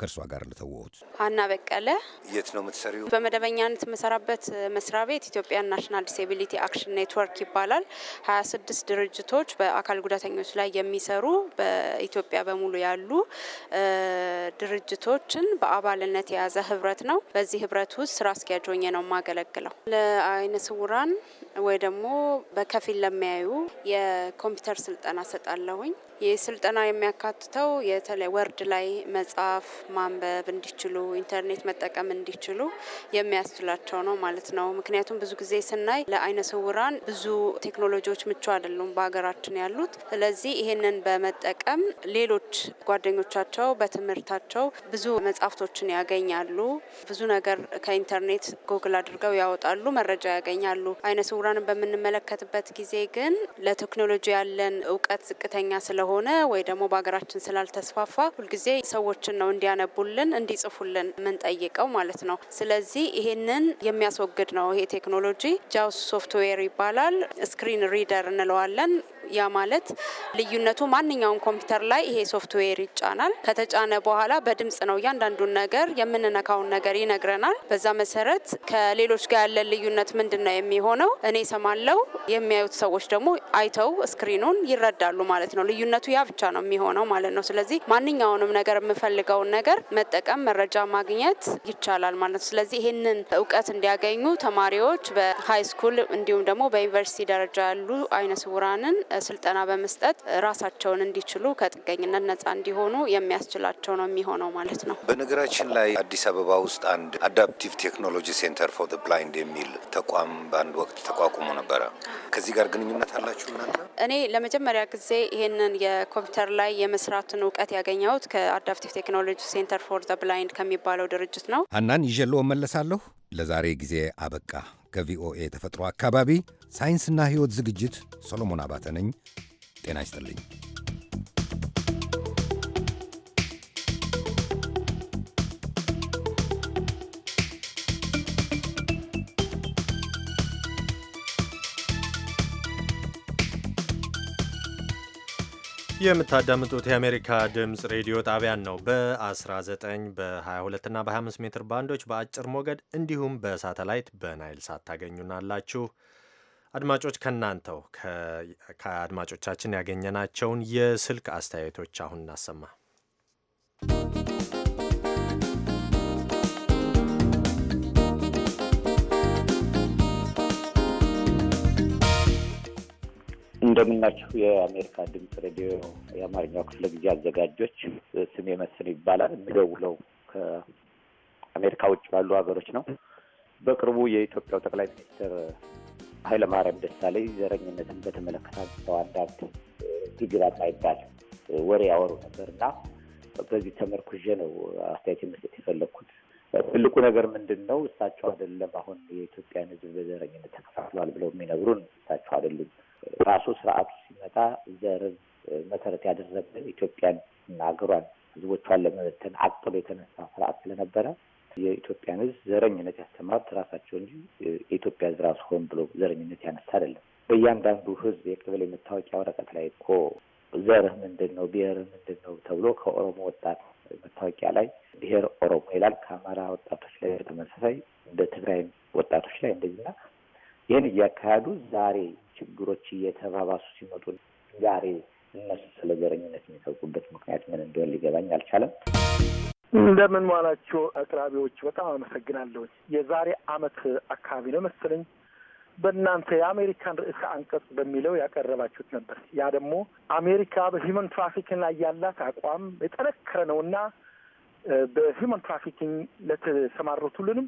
ከእርሷ ጋር ልተወት። ሀና በቀለ። የት ነው የምትሰሪው? በመደበኛነት የምሰራበት መስሪያ ቤት ኢትዮጵያን ናሽናል ዲሴቢሊቲ አክሽን ኔትወርክ ይባላል። ሀያ ስድስት ድርጅቶች በአካል ጉዳተኞች ላይ የሚሰሩ በኢትዮጵያ በሙሉ ያሉ ድርጅቶችን በአባልነት የያዘ ህብረት ነው። በዚህ ህብረት ውስጥ ስራ አስኪያጅ ሆኜ ነው የማገለግለው። ለአይነ ስውራን ወይ ደግሞ በከፊል ለሚያዩ የኮምፒውተር ስልጠና ሰጣለሁኝ። ይህ ስልጠና የሚያካትተው የተለይ ወርድ ላይ መጻፍ ማንበብ እንዲችሉ ኢንተርኔት መጠቀም እንዲችሉ የሚያስችላቸው ነው ማለት ነው። ምክንያቱም ብዙ ጊዜ ስናይ ለአይነ ስውራን ብዙ ቴክኖሎጂዎች ምቹ አይደሉም በሀገራችን ያሉት። ስለዚህ ይህንን በመጠቀም ሌሎች ጓደኞቻቸው በትምህርታቸው ብዙ መጽሐፍቶችን ያገኛሉ። ብዙ ነገር ከኢንተርኔት ጎግል አድርገው ያወጣሉ፣ መረጃ ያገኛሉ። አይነ ስውራንን በምንመለከትበት ጊዜ ግን ለቴክኖሎጂ ያለን እውቀት ዝቅተኛ ስለሆነ ስለሆነ ወይ ደግሞ በሀገራችን ስላልተስፋፋ ሁልጊዜ ሰዎችን ነው እንዲያነቡልን እንዲጽፉልን የምንጠይቀው ማለት ነው። ስለዚህ ይሄንን የሚያስወግድ ነው ይሄ ቴክኖሎጂ። ጃውስ ሶፍትዌር ይባላል። ስክሪን ሪደር እንለዋለን። ያ ማለት ልዩነቱ ማንኛውም ኮምፒውተር ላይ ይሄ ሶፍትዌር ይጫናል። ከተጫነ በኋላ በድምጽ ነው እያንዳንዱን ነገር የምንነካውን ነገር ይነግረናል። በዛ መሰረት ከሌሎች ጋር ያለን ልዩነት ምንድን ነው የሚሆነው? እኔ ሰማለው፣ የሚያዩት ሰዎች ደግሞ አይተው ስክሪኑን ይረዳሉ ማለት ነው። ልዩነቱ ያ ብቻ ነው የሚሆነው ማለት ነው። ስለዚህ ማንኛውንም ነገር የምፈልገውን ነገር መጠቀም፣ መረጃ ማግኘት ይቻላል ማለት ነው። ስለዚህ ይህንን እውቀት እንዲያገኙ ተማሪዎች በሃይ ስኩል እንዲሁም ደግሞ በዩኒቨርሲቲ ደረጃ ያሉ አይነ ስውራንን ስልጠና በመስጠት ራሳቸውን እንዲችሉ ከጥገኝነት ነጻ እንዲሆኑ የሚያስችላቸው ነው የሚሆነው ማለት ነው። በነገራችን ላይ አዲስ አበባ ውስጥ አንድ አዳፕቲቭ ቴክኖሎጂ ሴንተር ፎር ብላይንድ የሚል ተቋም በአንድ ወቅት ተቋቁሞ ነበረ። ከዚህ ጋር ግንኙነት አላችሁ እናንተ? እኔ ለመጀመሪያ ጊዜ ይህንን የኮምፒውተር ላይ የመስራትን እውቀት ያገኘሁት ከአዳፕቲቭ ቴክኖሎጂ ሴንተር ፎር ብላይንድ ከሚባለው ድርጅት ነው። ሀናን ይዤልዎ መለሳለሁ። ለዛሬ ጊዜ አበቃ። ከቪኦኤ ተፈጥሮ አካባቢ ሳይንስና ሕይወት ዝግጅት ሰሎሞን አባተ ነኝ። ጤና ይስጥልኝ። የምታዳምጡት የአሜሪካ ድምፅ ሬዲዮ ጣቢያን ነው። በ19 በ22 እና በ25 ሜትር ባንዶች በአጭር ሞገድ እንዲሁም በሳተላይት በናይል ሳት ታገኙናላችሁ። አድማጮች ከእናንተው ከአድማጮቻችን ያገኘናቸውን የስልክ አስተያየቶች አሁን እናሰማ። እንደምናችሁ የአሜሪካ ድምፅ ሬዲዮ የአማርኛው ክፍለ ጊዜ አዘጋጆች፣ ስሜ መስል ይባላል። የሚደውለው ከአሜሪካ ውጭ ባሉ ሀገሮች ነው። በቅርቡ የኢትዮጵያው ጠቅላይ ሚኒስትር ኃይለማርያም ደሳለኝ ዘረኝነትን በተመለከተ አንስተው አንዳንድ ዲግራ ማይባል ወሬ ያወሩ ነበር እና በዚህ ተመርኩዤ ነው አስተያየት መስጠት የፈለግኩት። ትልቁ ነገር ምንድን ነው? እሳቸው አይደለም አሁን የኢትዮጵያን ሕዝብ በዘረኝነት ተከፋፍሏል ብለው የሚነግሩን እሳቸው አይደሉም። ራሱ ስርዓቱ ሲመጣ ዘርን መሰረት ያደረገ ኢትዮጵያን እና ሀገሯን ህዝቦቿን ለመበተን አቅሎ የተነሳ ስርዓት ስለነበረ የኢትዮጵያን ህዝብ ዘረኝነት ያስተማሩት ራሳቸው እንጂ የኢትዮጵያ ህዝብ ራሱ ሆን ብሎ ዘረኝነት ያነሳ አይደለም። በእያንዳንዱ ህዝብ የቀበሌ መታወቂያ ወረቀት ላይ እኮ ዘርህ ምንድን ነው፣ ብሔርህ ምንድን ነው ተብሎ ከኦሮሞ ወጣት መታወቂያ ላይ ብሔር ኦሮሞ ይላል። ከአማራ ወጣቶች ላይ በተመሳሳይ እንደ ትግራይ ወጣቶች ላይ እንደዚህና ይህን እያካሄዱ ዛሬ ችግሮች እየተባባሱ ሲመጡ ዛሬ እነሱ ስለ ዘረኝነት የሚሰብኩበት ምክንያት ምን እንደሆን ሊገባኝ አልቻለም። እንደምን ዋላችሁ አቅራቢዎች፣ በጣም አመሰግናለሁ። የዛሬ አመት አካባቢ ነው መሰለኝ በእናንተ የአሜሪካን ርዕሰ አንቀጽ በሚለው ያቀረባችሁት ነበር። ያ ደግሞ አሜሪካ በሂመን ትራፊኪንግ ላይ ያላት አቋም የጠነከረ ነው እና በሂመን ትራፊኪንግ ለተሰማሩት ሁሉንም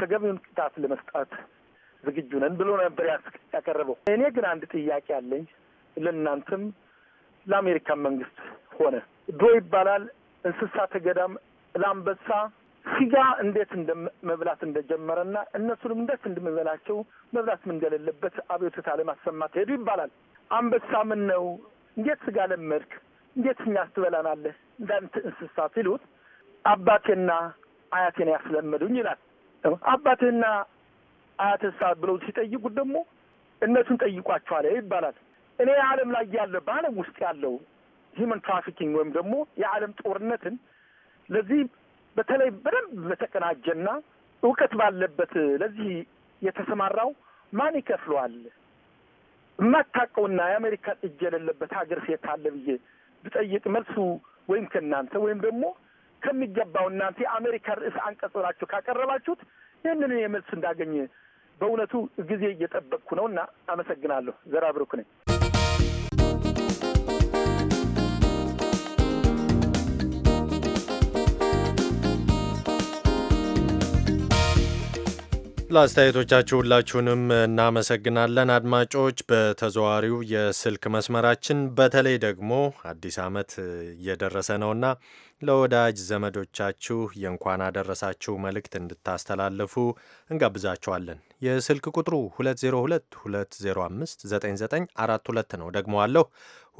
ተገቢውን ቅጣት ለመስጣት ዝግጁ ነን ብሎ ነበር ያቀረበው። እኔ ግን አንድ ጥያቄ አለኝ ለእናንተም ለአሜሪካን መንግስት ሆነ ዶ ይባላል እንስሳተ ገዳም ለአንበሳ ስጋ እንዴት መብላት እና እነሱንም እንዴት እንደሚበላቸው መብላት ምን እንደሌለበት አቤቱታ ለማሰማት ሄዱ ይባላል። አንበሳ ምን ነው እንዴት ስጋ ለመድክ? እንዴት እኛስ ስትበላናለህ እንዳንተ እንስሳ ሲሉት አባቴና አያቴን ያስለመዱኝ ይላል። አባቴና አያተሳ ብለው ሲጠይቁት ደግሞ እነሱን ጠይቋቸዋል ይባላል። እኔ የዓለም ላይ ያለ በዓለም ውስጥ ያለው ሂመን ትራፊኪንግ ወይም ደግሞ የዓለም ጦርነትን ለዚህ በተለይ በደንብ በተቀናጀና እውቀት ባለበት ለዚህ የተሰማራው ማን ይከፍለዋል? የማታውቀውና የአሜሪካን እጅ የሌለበት ሀገር ሴት አለ ብዬ ብጠይቅ መልሱ ወይም ከእናንተ ወይም ደግሞ ከሚገባው እናንተ የአሜሪካ ርዕስ አንቀጽ ብላችሁ ካቀረባችሁት ይህንን የመልስ እንዳገኘ በእውነቱ ጊዜ እየጠበቅኩ ነው እና አመሰግናለሁ። ዘራ ብሩክ ነኝ። ለአስተያየቶቻችሁ ሁላችሁንም እናመሰግናለን አድማጮች። በተዘዋሪው የስልክ መስመራችን በተለይ ደግሞ አዲስ ዓመት እየደረሰ ነውና ለወዳጅ ዘመዶቻችሁ የእንኳን አደረሳችሁ መልእክት እንድታስተላልፉ እንጋብዛችኋለን። የስልክ ቁጥሩ 2022059942 ነው። ደግሞ አለሁ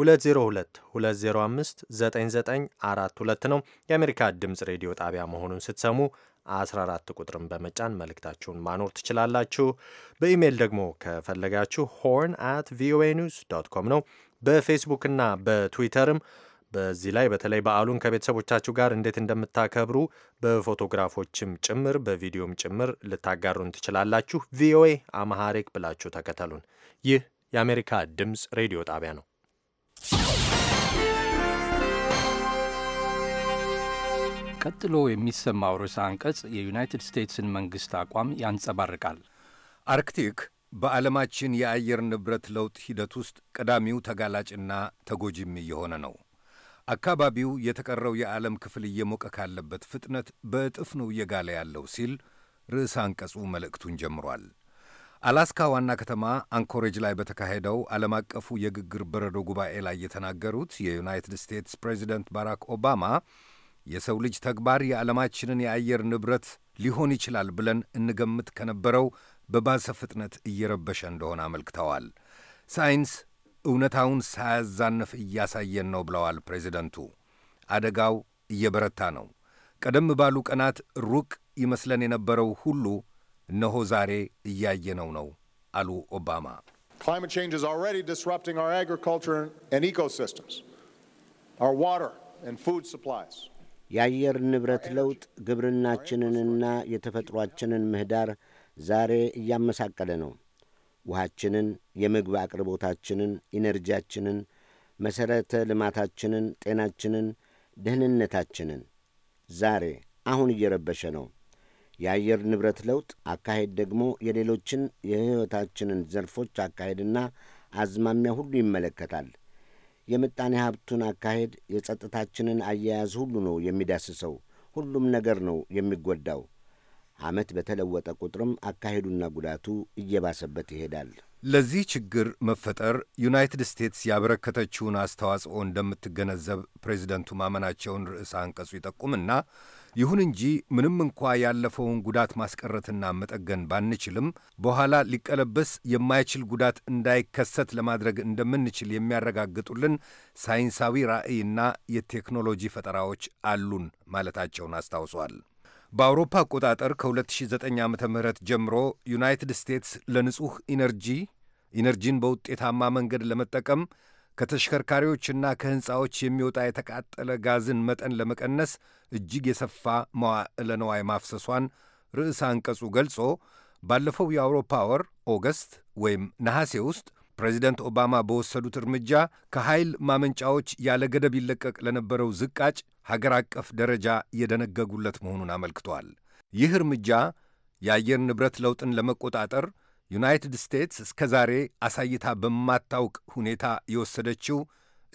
2022059942 ነው። የአሜሪካ ድምፅ ሬዲዮ ጣቢያ መሆኑን ስትሰሙ 14 ቁጥርን በመጫን መልእክታችሁን ማኖር ትችላላችሁ። በኢሜይል ደግሞ ከፈለጋችሁ ሆርን አት ቪኦኤ ኒውስ ዶት ኮም ነው። በፌስቡክና በትዊተርም በዚህ ላይ በተለይ በዓሉን ከቤተሰቦቻችሁ ጋር እንዴት እንደምታከብሩ በፎቶግራፎችም ጭምር በቪዲዮም ጭምር ልታጋሩን ትችላላችሁ። ቪኦኤ አማሐሪክ ብላችሁ ተከተሉን። ይህ የአሜሪካ ድምፅ ሬዲዮ ጣቢያ ነው። ቀጥሎ የሚሰማው ርዕሰ አንቀጽ የዩናይትድ ስቴትስን መንግሥት አቋም ያንጸባርቃል። አርክቲክ በዓለማችን የአየር ንብረት ለውጥ ሂደት ውስጥ ቀዳሚው ተጋላጭና ተጎጂም እየሆነ ነው። አካባቢው የተቀረው የዓለም ክፍል እየሞቀ ካለበት ፍጥነት በእጥፍ ነው እየጋለ ያለው ሲል ርዕሰ አንቀጹ መልእክቱን ጀምሯል። አላስካ ዋና ከተማ አንኮሬጅ ላይ በተካሄደው ዓለም አቀፉ የግግር በረዶ ጉባኤ ላይ የተናገሩት የዩናይትድ ስቴትስ ፕሬዚደንት ባራክ ኦባማ የሰው ልጅ ተግባር የዓለማችንን የአየር ንብረት ሊሆን ይችላል ብለን እንገምት ከነበረው በባሰ ፍጥነት እየረበሸ እንደሆነ አመልክተዋል። ሳይንስ እውነታውን ሳያዛንፍ እያሳየን ነው ብለዋል ፕሬዚደንቱ። አደጋው እየበረታ ነው። ቀደም ባሉ ቀናት ሩቅ ይመስለን የነበረው ሁሉ እነሆ ዛሬ እያየነው ነው አሉ ኦባማ። የአየር ንብረት ለውጥ ግብርናችንንና የተፈጥሯችንን ምህዳር ዛሬ እያመሳቀለ ነው። ውሃችንን፣ የምግብ አቅርቦታችንን፣ ኢነርጂያችንን፣ መሠረተ ልማታችንን፣ ጤናችንን፣ ደህንነታችንን ዛሬ አሁን እየረበሸ ነው። የአየር ንብረት ለውጥ አካሄድ ደግሞ የሌሎችን የሕይወታችንን ዘርፎች አካሄድና አዝማሚያ ሁሉ ይመለከታል። የምጣኔ ሀብቱን አካሄድ፣ የጸጥታችንን አያያዝ ሁሉ ነው የሚዳስሰው። ሁሉም ነገር ነው የሚጎዳው። ዓመት በተለወጠ ቁጥርም አካሄዱና ጉዳቱ እየባሰበት ይሄዳል። ለዚህ ችግር መፈጠር ዩናይትድ ስቴትስ ያበረከተችውን አስተዋጽኦ እንደምትገነዘብ ፕሬዚደንቱ ማመናቸውን ርዕሰ አንቀጹ ይጠቁምና ይሁን እንጂ ምንም እንኳ ያለፈውን ጉዳት ማስቀረትና መጠገን ባንችልም በኋላ ሊቀለበስ የማይችል ጉዳት እንዳይከሰት ለማድረግ እንደምንችል የሚያረጋግጡልን ሳይንሳዊ ራዕይና የቴክኖሎጂ ፈጠራዎች አሉን ማለታቸውን አስታውሷል። በአውሮፓ አቆጣጠር ከ2009 ዓ ም ጀምሮ ዩናይትድ ስቴትስ ለንጹሕ ኢነርጂ ኢነርጂን በውጤታማ መንገድ ለመጠቀም ከተሽከርካሪዎችና ከሕንፃዎች የሚወጣ የተቃጠለ ጋዝን መጠን ለመቀነስ እጅግ የሰፋ መዋዕለ ነዋይ ማፍሰሷን ርዕሰ አንቀጹ ገልጾ ባለፈው የአውሮፓ ወር ኦገስት ወይም ነሐሴ ውስጥ ፕሬዚደንት ኦባማ በወሰዱት እርምጃ ከኃይል ማመንጫዎች ያለ ገደብ ይለቀቅ ለነበረው ዝቃጭ ሀገር አቀፍ ደረጃ የደነገጉለት መሆኑን አመልክቷል። ይህ እርምጃ የአየር ንብረት ለውጥን ለመቆጣጠር ዩናይትድ ስቴትስ እስከ ዛሬ አሳይታ በማታውቅ ሁኔታ የወሰደችው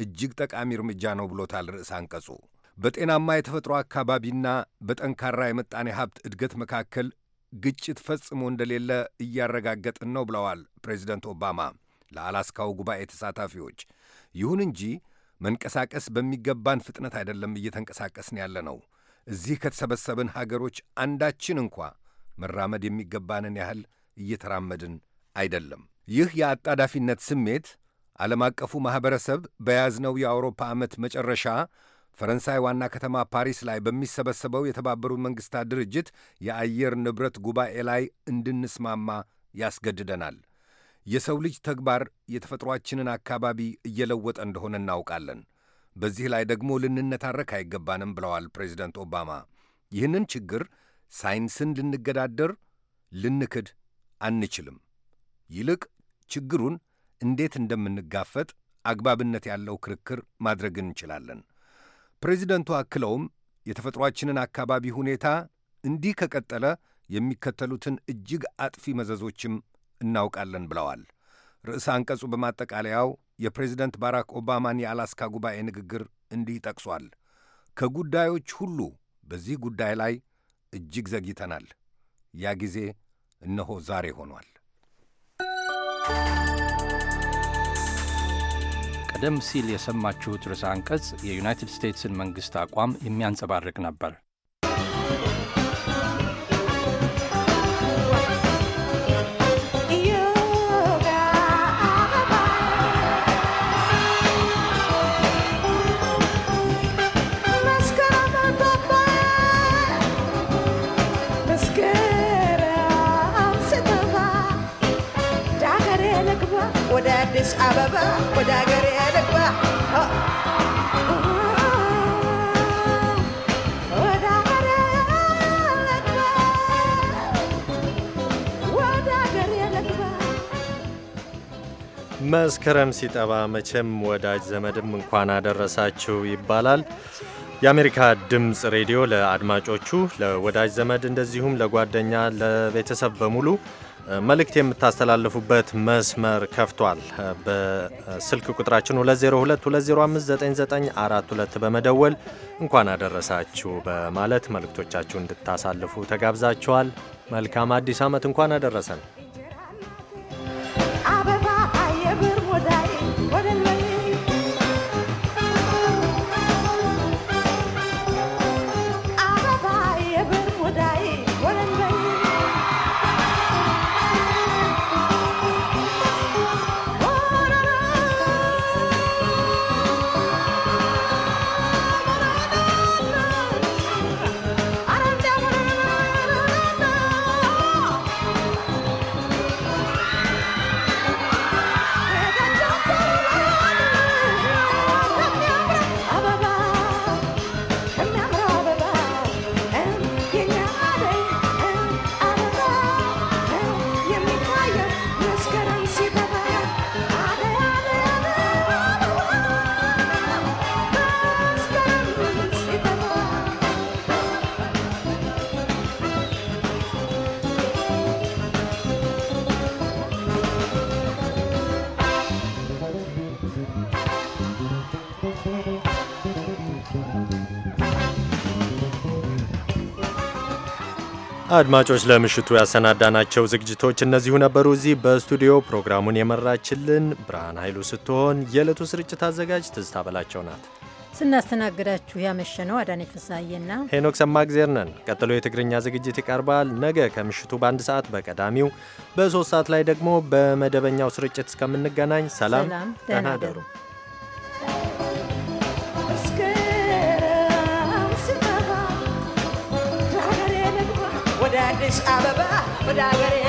እጅግ ጠቃሚ እርምጃ ነው ብሎታል ርዕስ አንቀጹ። በጤናማ የተፈጥሮ አካባቢና በጠንካራ የመጣኔ ሀብት እድገት መካከል ግጭት ፈጽሞ እንደሌለ እያረጋገጥን ነው ብለዋል ፕሬዚደንት ኦባማ ለአላስካው ጉባኤ ተሳታፊዎች። ይሁን እንጂ መንቀሳቀስ በሚገባን ፍጥነት አይደለም እየተንቀሳቀስን ያለ ነው። እዚህ ከተሰበሰብን ሀገሮች አንዳችን እንኳ መራመድ የሚገባንን ያህል እየተራመድን አይደለም። ይህ የአጣዳፊነት ስሜት ዓለም አቀፉ ማኅበረሰብ በያዝነው የአውሮፓ ዓመት መጨረሻ ፈረንሳይ ዋና ከተማ ፓሪስ ላይ በሚሰበሰበው የተባበሩት መንግሥታት ድርጅት የአየር ንብረት ጉባኤ ላይ እንድንስማማ ያስገድደናል። የሰው ልጅ ተግባር የተፈጥሯችንን አካባቢ እየለወጠ እንደሆነ እናውቃለን። በዚህ ላይ ደግሞ ልንነታረክ አይገባንም ብለዋል ፕሬዚደንት ኦባማ። ይህንን ችግር ሳይንስን ልንገዳደር፣ ልንክድ አንችልም። ይልቅ ችግሩን እንዴት እንደምንጋፈጥ አግባብነት ያለው ክርክር ማድረግ እንችላለን። ፕሬዚደንቱ አክለውም የተፈጥሯችንን አካባቢ ሁኔታ እንዲህ ከቀጠለ የሚከተሉትን እጅግ አጥፊ መዘዞችም እናውቃለን ብለዋል። ርዕሰ አንቀጹ በማጠቃለያው የፕሬዚደንት ባራክ ኦባማን የአላስካ ጉባኤ ንግግር እንዲህ ጠቅሷል። ከጉዳዮች ሁሉ በዚህ ጉዳይ ላይ እጅግ ዘግይተናል። ያ ጊዜ እነሆ ዛሬ ሆኗል። ቀደም ሲል የሰማችሁት ርዕሰ አንቀጽ የዩናይትድ ስቴትስን መንግሥት አቋም የሚያንጸባርቅ ነበር። መስከረም ሲጠባ መቼም ወዳጅ ዘመድም እንኳን አደረሳችሁ ይባላል። የአሜሪካ ድምፅ ሬዲዮ ለአድማጮቹ ለወዳጅ ዘመድ እንደዚሁም ለጓደኛ ለቤተሰብ በሙሉ መልእክት የምታስተላልፉበት መስመር ከፍቷል። በስልክ ቁጥራችን 2022059942 በመደወል እንኳን አደረሳችሁ በማለት መልእክቶቻችሁ እንድታሳልፉ ተጋብዛችኋል። መልካም አዲስ ዓመት እንኳን አደረሰን። አድማጮች ለምሽቱ ያሰናዳናቸው ዝግጅቶች እነዚሁ ነበሩ። እዚህ በስቱዲዮ ፕሮግራሙን የመራችልን ብርሃን ኃይሉ ስትሆን የዕለቱ ስርጭት አዘጋጅ ትዝታ በላቸው ናት። ስናስተናግዳችሁ ያመሸነው አዳኔ ፍሳዬና ሄኖክ ሰማእግዜር ነን። ቀጥሎ የትግርኛ ዝግጅት ይቀርባል። ነገ ከምሽቱ በአንድ ሰዓት በቀዳሚው፣ በሶስት ሰዓት ላይ ደግሞ በመደበኛው ስርጭት እስከምንገናኝ ሰላም፣ ደህና ደሩ። I'm but I got it.